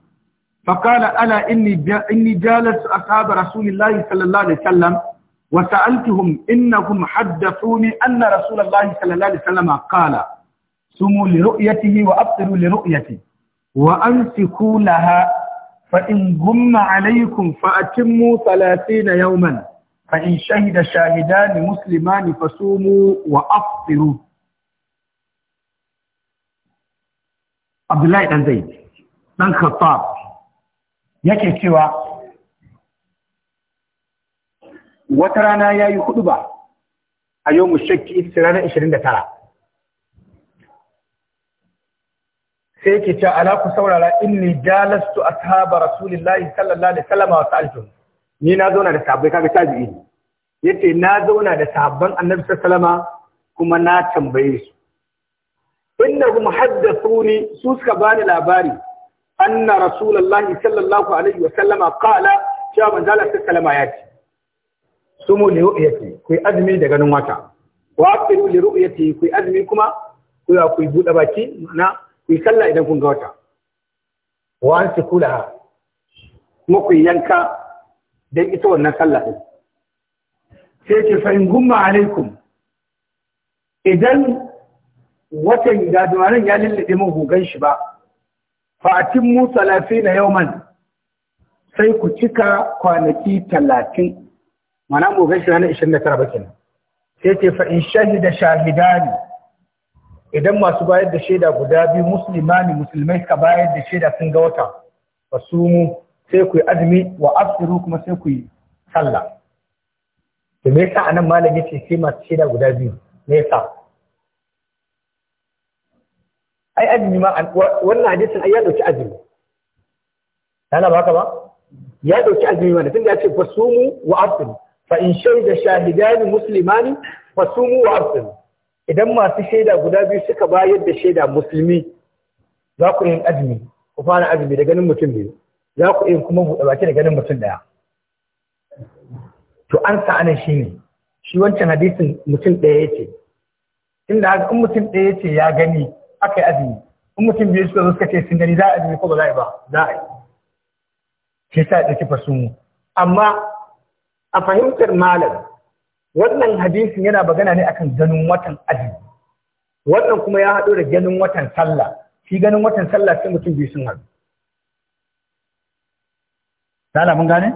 [SPEAKER 1] فقال ألا إني, إني جالس أصحاب رسول الله صلى الله عليه وسلم وسألتهم إنهم حدثوني أن رسول الله صلى الله عليه وسلم قال سموا لرؤيته وأبطلوا لرؤيته وأمسكوا لها فإن غم عليكم فأتموا ثلاثين يوما فإن شهد شاهدان مسلمان فصوموا وأفطروا عبد الله بن زيد بن خطاب yake cewa wata rana ya yi hudu ba a yau mu shakki ita ranar 29 sai ke ce ala ku saurara inni jalastu ashaba rasulillahi sallallahu alaihi wasallam wa sa'altum ni na zauna da sahabbai kaga tabi'i yace na zauna da sahabban annabi sallallahu alaihi kuma na tambaye su innahum haddathuni su suka bani labari anna rasulullahi sallallahu alaihi wasallam qala cewa manzala sallallahu alaihi ya ce sumu li ru'yati kuyi azumi da ganin wata wa afiru li ru'yati ku azumi kuma ku ya ku bude baki na ku sallah idan kun ga wata wa an kula kuma ku yanka dan ita wannan sallah din sai ce fa in gumma alaikum idan watan da dumarin ya lullube mu gan shi ba fatin atimmu talafi yawman sai ku cika kwanaki talatin mana mu gaishe ranar 29 ba kenan sai ce fa in shahida shahidani idan masu bayar da shaida guda biyu musulmani musulmai ka bayar da shaida sun ga wata fa sumu sai ku yi azumi wa afsiru kuma sai ku yi sallah to me yasa anan malami ce sai masu shaida guda biyu me yasa ai azumi ma wannan hadisin ai ya dauki azumi yana ba haka ba ya dauki azumi wanda tunda ya ce fa sumu wa afsiru fa’in in shaida shahidani muslimani fa wa absinu idan masu shaida guda biyu suka bayar da shaida musulmi za ku yin azumi ku fara azumi da ganin mutum biyu za ku yin kuma buɗe baki da ganin mutum ɗaya to an sa anan shi ne shi wancan hadisin mutum ɗaya ya ce inda haka in mutum ɗaya ya ce ya gani aka yi azumi in mutum biyu suka zo suka ce sun gani za a azumi ko ba za a yi ba za a yi shi sa ya ɗauki fasumu amma a fahimtar malam wannan hadisin yana magana ne akan ganin watan azumi wannan kuma ya haɗo da ganin watan sallah shi ganin watan sallah sai mutum biyu sun haɗu Sala mun gane?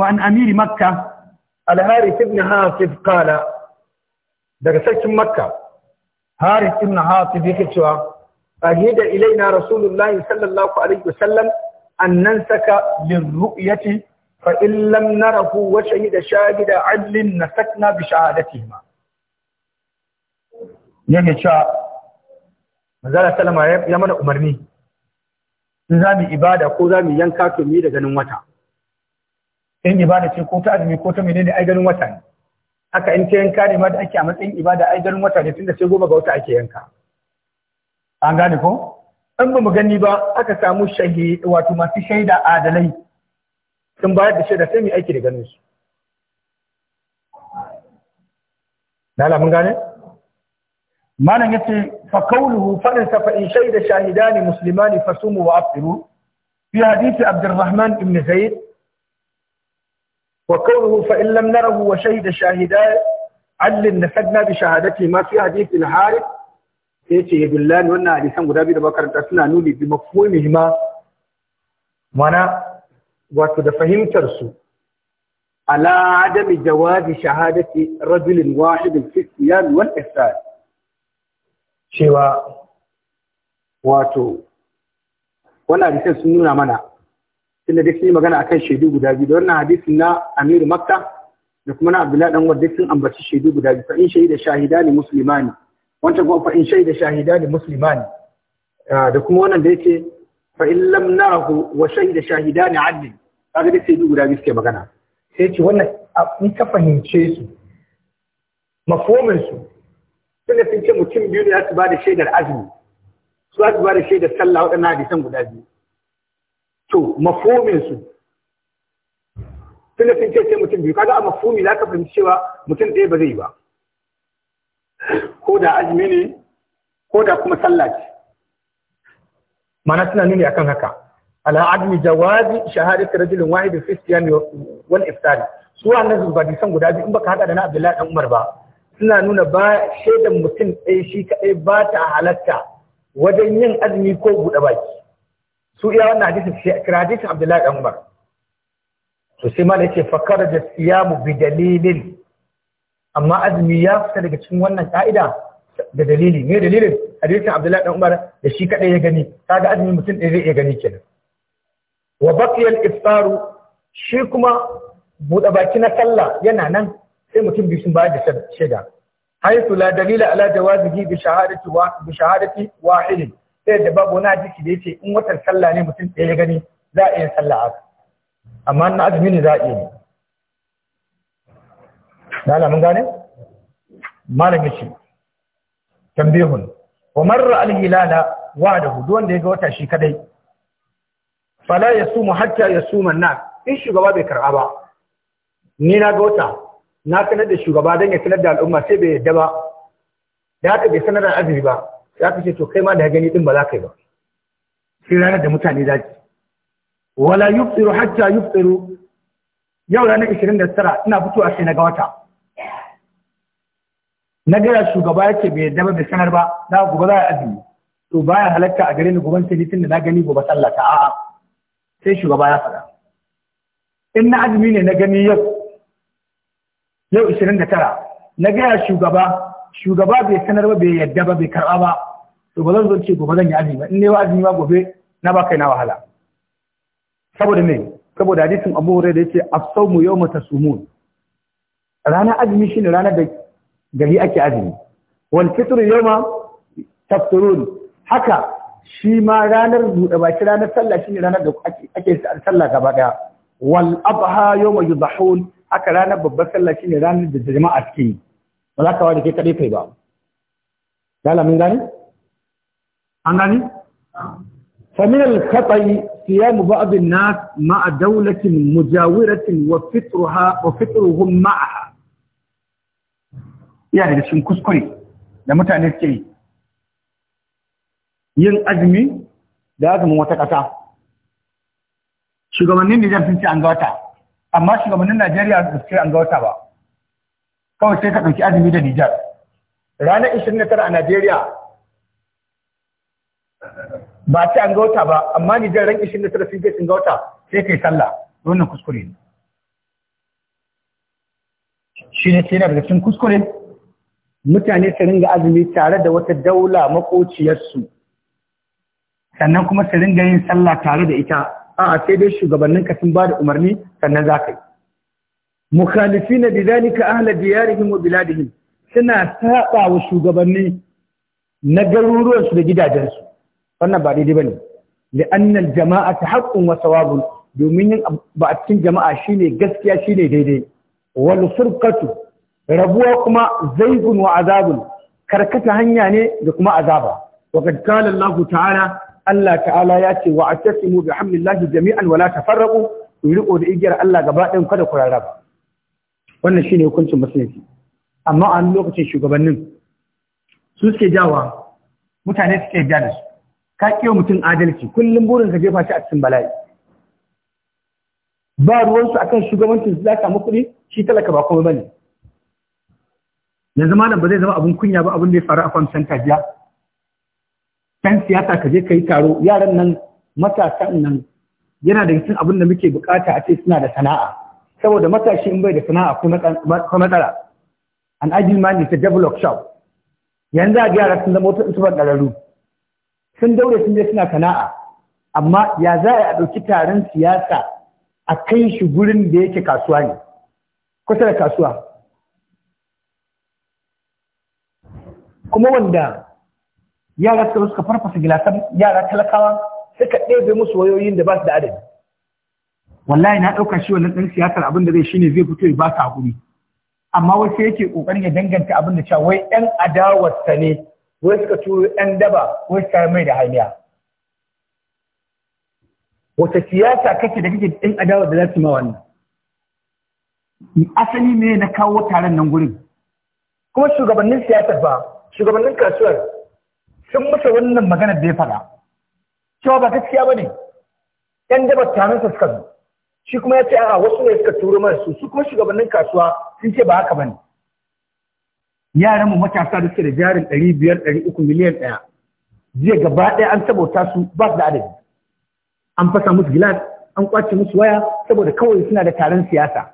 [SPEAKER 1] وعن أمير مكة الهارث ibn هاتف qala daga sarkin makka harith ibn hatib yake cewa fahida ilaina rasulullahi sallallahu alaihi wasallam an nansaka lirru'yati fa in lam narahu wa da shahida adlin nasakna bi shahadatihima yake cewa manzala sallama ya mana umarni in za mu ibada ko za mu yanka to yi da ganin wata in ibada ce ko ta azumi ko ta menene ai ganin wata ne haka in ta yanka ne ma da ake a matsayin ibada ai ganin wata ne tunda sai goma ga wata ake yanka an gane ko in ba mu gani ba aka samu shahi wato masu shaida adalai sun bayar da shaida sai mu aiki da ganin su lala mun gane malam yace fa qawluhu fadin sa fa in shaida shahidani muslimani fasumu wa afiru fi hadisi abdurrahman ibn zaid وقوله فإن لم نره وشهد شاهدان عل نفدنا بشهادته ما في حديث الحارث sai ce ya billani wannan hadisan guda biyu da makaranta suna nuni bi mafhumi ma mana wato da fahimtar su ala adami jawazi shahadati rajulin wahidin fi siyam wal ihsan cewa wato wannan hadisan sun nuna mana tunda dai sun yi magana akan shaidu guda biyu da wannan hadisin na Amiru Makka da kuma na Abdullahi dan Wadda sun ambaci shaidu guda biyu fa in shaida shahidani muslimani wancan kuma da shahida shaida musulma ne ah, da kuma wannan da yake lamna in lam narahu wa shaida ne adli kaga dai sai guda biyu suke magana sai ce wannan in ka fahimce su mafomin su tunda sun ce mutum biyu ne za su ba da shaidar azumi su za su ba da shaidar sallah da hadisan guda biyu to mafomin su tunda sun ce sai mutum biyu kaga a mafomi za ka fahimci cewa mutum ɗaya ba zai yi ba ko da azumi ne ko da kuma sallah ce mana suna nuni akan haka ala jawabi jawazi shahadatu rajulin wahidin fi siyam wal iftari su wannan zubadisan guda biyu in baka hada da na Abdullahi dan Umar ba suna nuna ba shaidan mutum ɗaya shi kaɗai ba ta halatta wajen yin azumi ko buɗe baki su iya wannan hadisin shi kira hadisin Abdullahi dan Umar to sai ma da yake fakara da siyamu bi dalilin amma azumi ya fita daga cikin wannan ka'ida da dalili ne dalilin hadisin Abdullahi dan Umar da shi kadai ya gani kaga azumi mutum ɗaya zai iya gani kenan wa baqiya al shi kuma buɗe baki na sallah yana nan sai mutum biyu sun bayar da shaida haythu la dalila ala jawazihi bi shahadati wa bi shahadati wahid sai da babu wani hadisi da yace in watan sallah ne mutum ɗaya ya gani za a iya sallah haka
[SPEAKER 2] amma na azumi ne za a iya
[SPEAKER 1] dala mun gane malam yace tambihun wa marra al-hilala wa'dahu hudu wanda yaga wata shi kadai fala yasumu hatta yasuma an-nas in shugaba bai karba ba ni na ga wata na sanar da shugaba dan ya sanar da al'umma sai bai yadda ba da haka bai sanar da azumi ba sai aka ce to kai ma da gani din ba za ka yi ba sai ranar da mutane za ki wala yuftiru hatta yuftiru yau ranar 29 ina fitowa sai na ga wata na gaya shugaba yake bai yadda ba bai sanar ba na gobe za a azumi to baya halatta a gare ni gobe sai tun da na gani gobe sallah ta a'a sai shugaba ya faɗa in na azumi ne na gani yau yau 29 na gaya shugaba shugaba bai sanar ba bai yadda ba bai karɓa ba to ba zan zo ce gobe zan yi azumi ba in ne ba azumi ba gobe na ba kai na wahala saboda me saboda hadisin Abu Hurairah yace as-sawmu yawma tasumun ranar azumi shine ranar da gari ake azumi wal fitr yawma tafturun haka shi ma ranar buɗe baki ranar sallah shine ranar da ake sallah gaba daya wal abha yawma yudhahun haka ranar babbar sallah shine ranar da jama'a suke yi ba za ka wani ke kaɗai kai ba dala mun gani an gani فمن الخطأ صيام بعض الناس مع دولة مجاورة wa وفطرهم معها iya daga cikin kuskure da mutane suke yi yin azumi da azumin wata ƙasa shugabannin Nijar sun ce an ga wata amma shugabannin Najeriya ba su ce an ga wata ba kawai sai ka ɗauki azumi da Nijar ranar 29 a Najeriya ba ce an ga wata ba amma Nijar ran 29 sun ce sun ga wata sai yi sallah wannan kuskure ne shi ne sai daga cikin kuskure mutane su ringa azumi tare da wata daula makociyarsu sannan kuma su ringa yin sallah tare da ita a'a sai dai shugabannin ka sun ba da umarni sannan za ka yi na ka ahla diyarihim wa biladihim suna saba wa shugabanni na garuruwansu da gidajensu wannan ba daidai bane da annal jama'a ta haƙƙun wa sawabun domin yin ba a cikin jama'a shine gaskiya shine daidai wal surkatu. rabuwa kuma zaigun wa azabun karkata hanya ne da kuma azaba wa kad Allah ta'ala Allah ta'ala ya ce wa atasimu bi hamdillahi jami'an wa tafarraqu ku da igiyar Allah gaba ɗayan kada ku rarraba wannan shine hukuncin musulunci amma a lokacin shugabannin su suke jawa mutane suke da su ka kiyo mutum adalci kullum burin ka jefa shi a cikin bala'i ba ruwansu akan shugabancin su za ka kuɗi shi talaka ba kuma bane yanzu malam ba zai zama abin kunya ba abin da ya faru a kwamfan jiya dan siyasa ka je ka yi taro yaran nan matasan nan yana da cikin abin da muke bukata a ce suna da sana'a saboda matashi in bai da sana'a ko matsala an ajin ma ne ta develop shop yanzu a yara sun zama wata isuwar ɗararru sun daure sun je suna sana'a amma ya za a ɗauki taron siyasa a kai shi gurin da yake kasuwa ne kusa da kasuwa kuma wanda yara suka suka farfasa gilasan yara talakawa suka ɗebe musu wayoyin da ba su da adadi wallahi na ɗauka shi wannan ɗan siyasar abin da zai shine zai fito ya ba su haƙuri. amma wasu yake ƙoƙarin ya danganta abin da cewa wai ɗan adawarsa ne wai suka turo ɗan daba wai suka mai da hanya wata siyasa kake da kake ɗan adawar da za su ma wannan asali ne na kawo taron nan gurin kuma shugabannin siyasar ba shugabannin kasuwar sun musa wannan magana da ya faɗa cewa ba gaskiya ba ne ‘yan dabar taronsa suka zo shi kuma ya ce a wasu ne suka turo mara su su kuma shugabannin kasuwa sun ce ba haka ba ne yaran mu matasa da suke da jarin ɗari biyar ɗari uku miliyan ɗaya jiya gaba ɗaya an sabota su ba su da adadi an fasa musu gilas an kwace musu waya saboda kawai suna da taron siyasa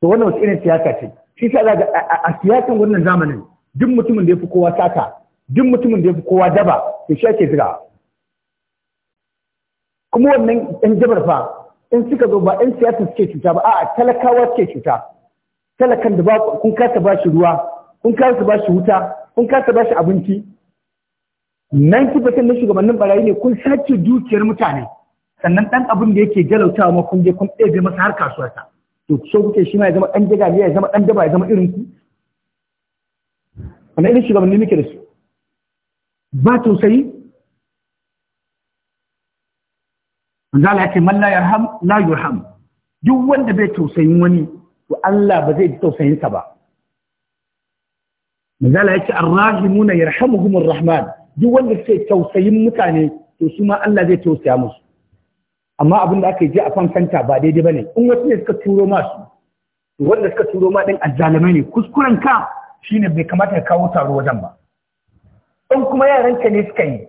[SPEAKER 1] to wannan wasu irin siyasa ce shi sa zaga a siyasan wannan zamanin duk mutumin da ya fi kowa sata duk mutumin da ya fi kowa daba to shi ake zira kuma wannan ɗan jabar fa in suka zo ba ɗan siyasa suke cuta ba a'a talakawa suke cuta talakan da ba kun kasa ba shi ruwa kun kasa ba shi wuta kun kasa ba shi abinci nan tabbatar na shugabannin barayi ne kun sace dukiyar mutane sannan ɗan abin da yake jalautawa ma kun je kun ɗebe masa har kasuwarsa to so kuke shi ma ya zama ɗan daga ne ya zama ɗan daba ya zama irin ku wannan irin shugabanni muke da su ba tausayi manzo Allah ya ce man la yarham la yurham duk wanda bai tausayin wani to Allah ba zai tausayin sa ba manzo Allah ya ce arrahimuna yarhamuhumur rahman duk wanda ke tausayin mutane to su ma Allah zai tausaya musu amma abin da aka yi a fan ba daidai ba ne in wasu ne suka turo ma su wanda suka turo ma ɗin azzalumai ne kuskuren ka shine bai kamata ya kawo taro wajen ba in kuma ka ne suka yi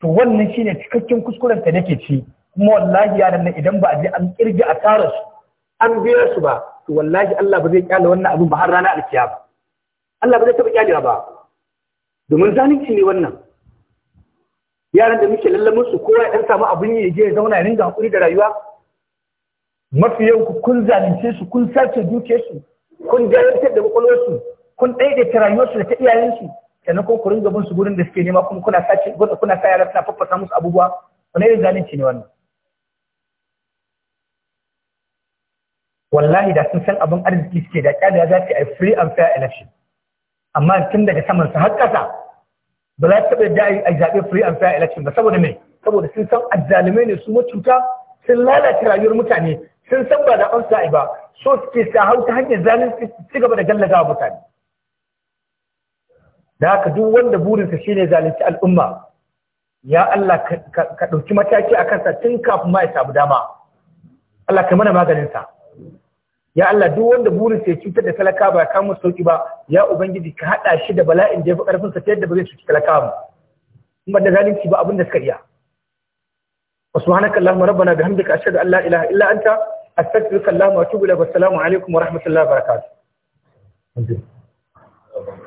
[SPEAKER 1] to wannan shine cikakken kuskuren ka nake ci kuma wallahi yaran nan idan ba a je an kirga a tara su an biya su ba to wallahi Allah ba zai kyale wannan abin ba har rana alkiyama Allah ba zai taɓa kyalewa ba domin zalunci ne wannan yaran da muke lallamin su kowa ya samu abin yi je ya zauna ya da hakuri da rayuwa mafi yawan kun zalunce su kun sace dukiyar su kun jayantar da kwakwalwar su kun daidaita rayuwar su da ta iyayen su kana kuma ku ringa su gurin da suke nema kuma kuna sace kuna sa yaran suna faffasa musu abubuwa wani irin zalunci ne wannan wallahi da sun san abin arziki suke da kyada za su yi free and fair election amma tun daga saman su har kasa ba za su da a zaɓe free and fair election ba saboda me saboda sun san azzalumai ne su mutunta sun lalata rayuwar mutane sun san ba da ansa ba so suke sa hau ta hanyar su ci gaba da gallaga mutane da haka duk wanda burinsa shine zalunci al'umma ya Allah ka ɗauki mataki a kansa tun kafin ma ya samu dama Allah ka mana maganinsa ya Allah duk wanda burin sai cutar da talaka ba kamu sauki ba ya ubangiji ka hada shi da bala'in da ya fi karfin sa ta yadda ba zai cuci talaka ba in ba da zalunci ba abin da suka iya wa subhanaka allahumma rabbana bihamdika ashhadu an la ilaha illa anta astaghfiruka allahumma wa atubu ilaik wa assalamu alaikum wa rahmatullahi wa barakatuh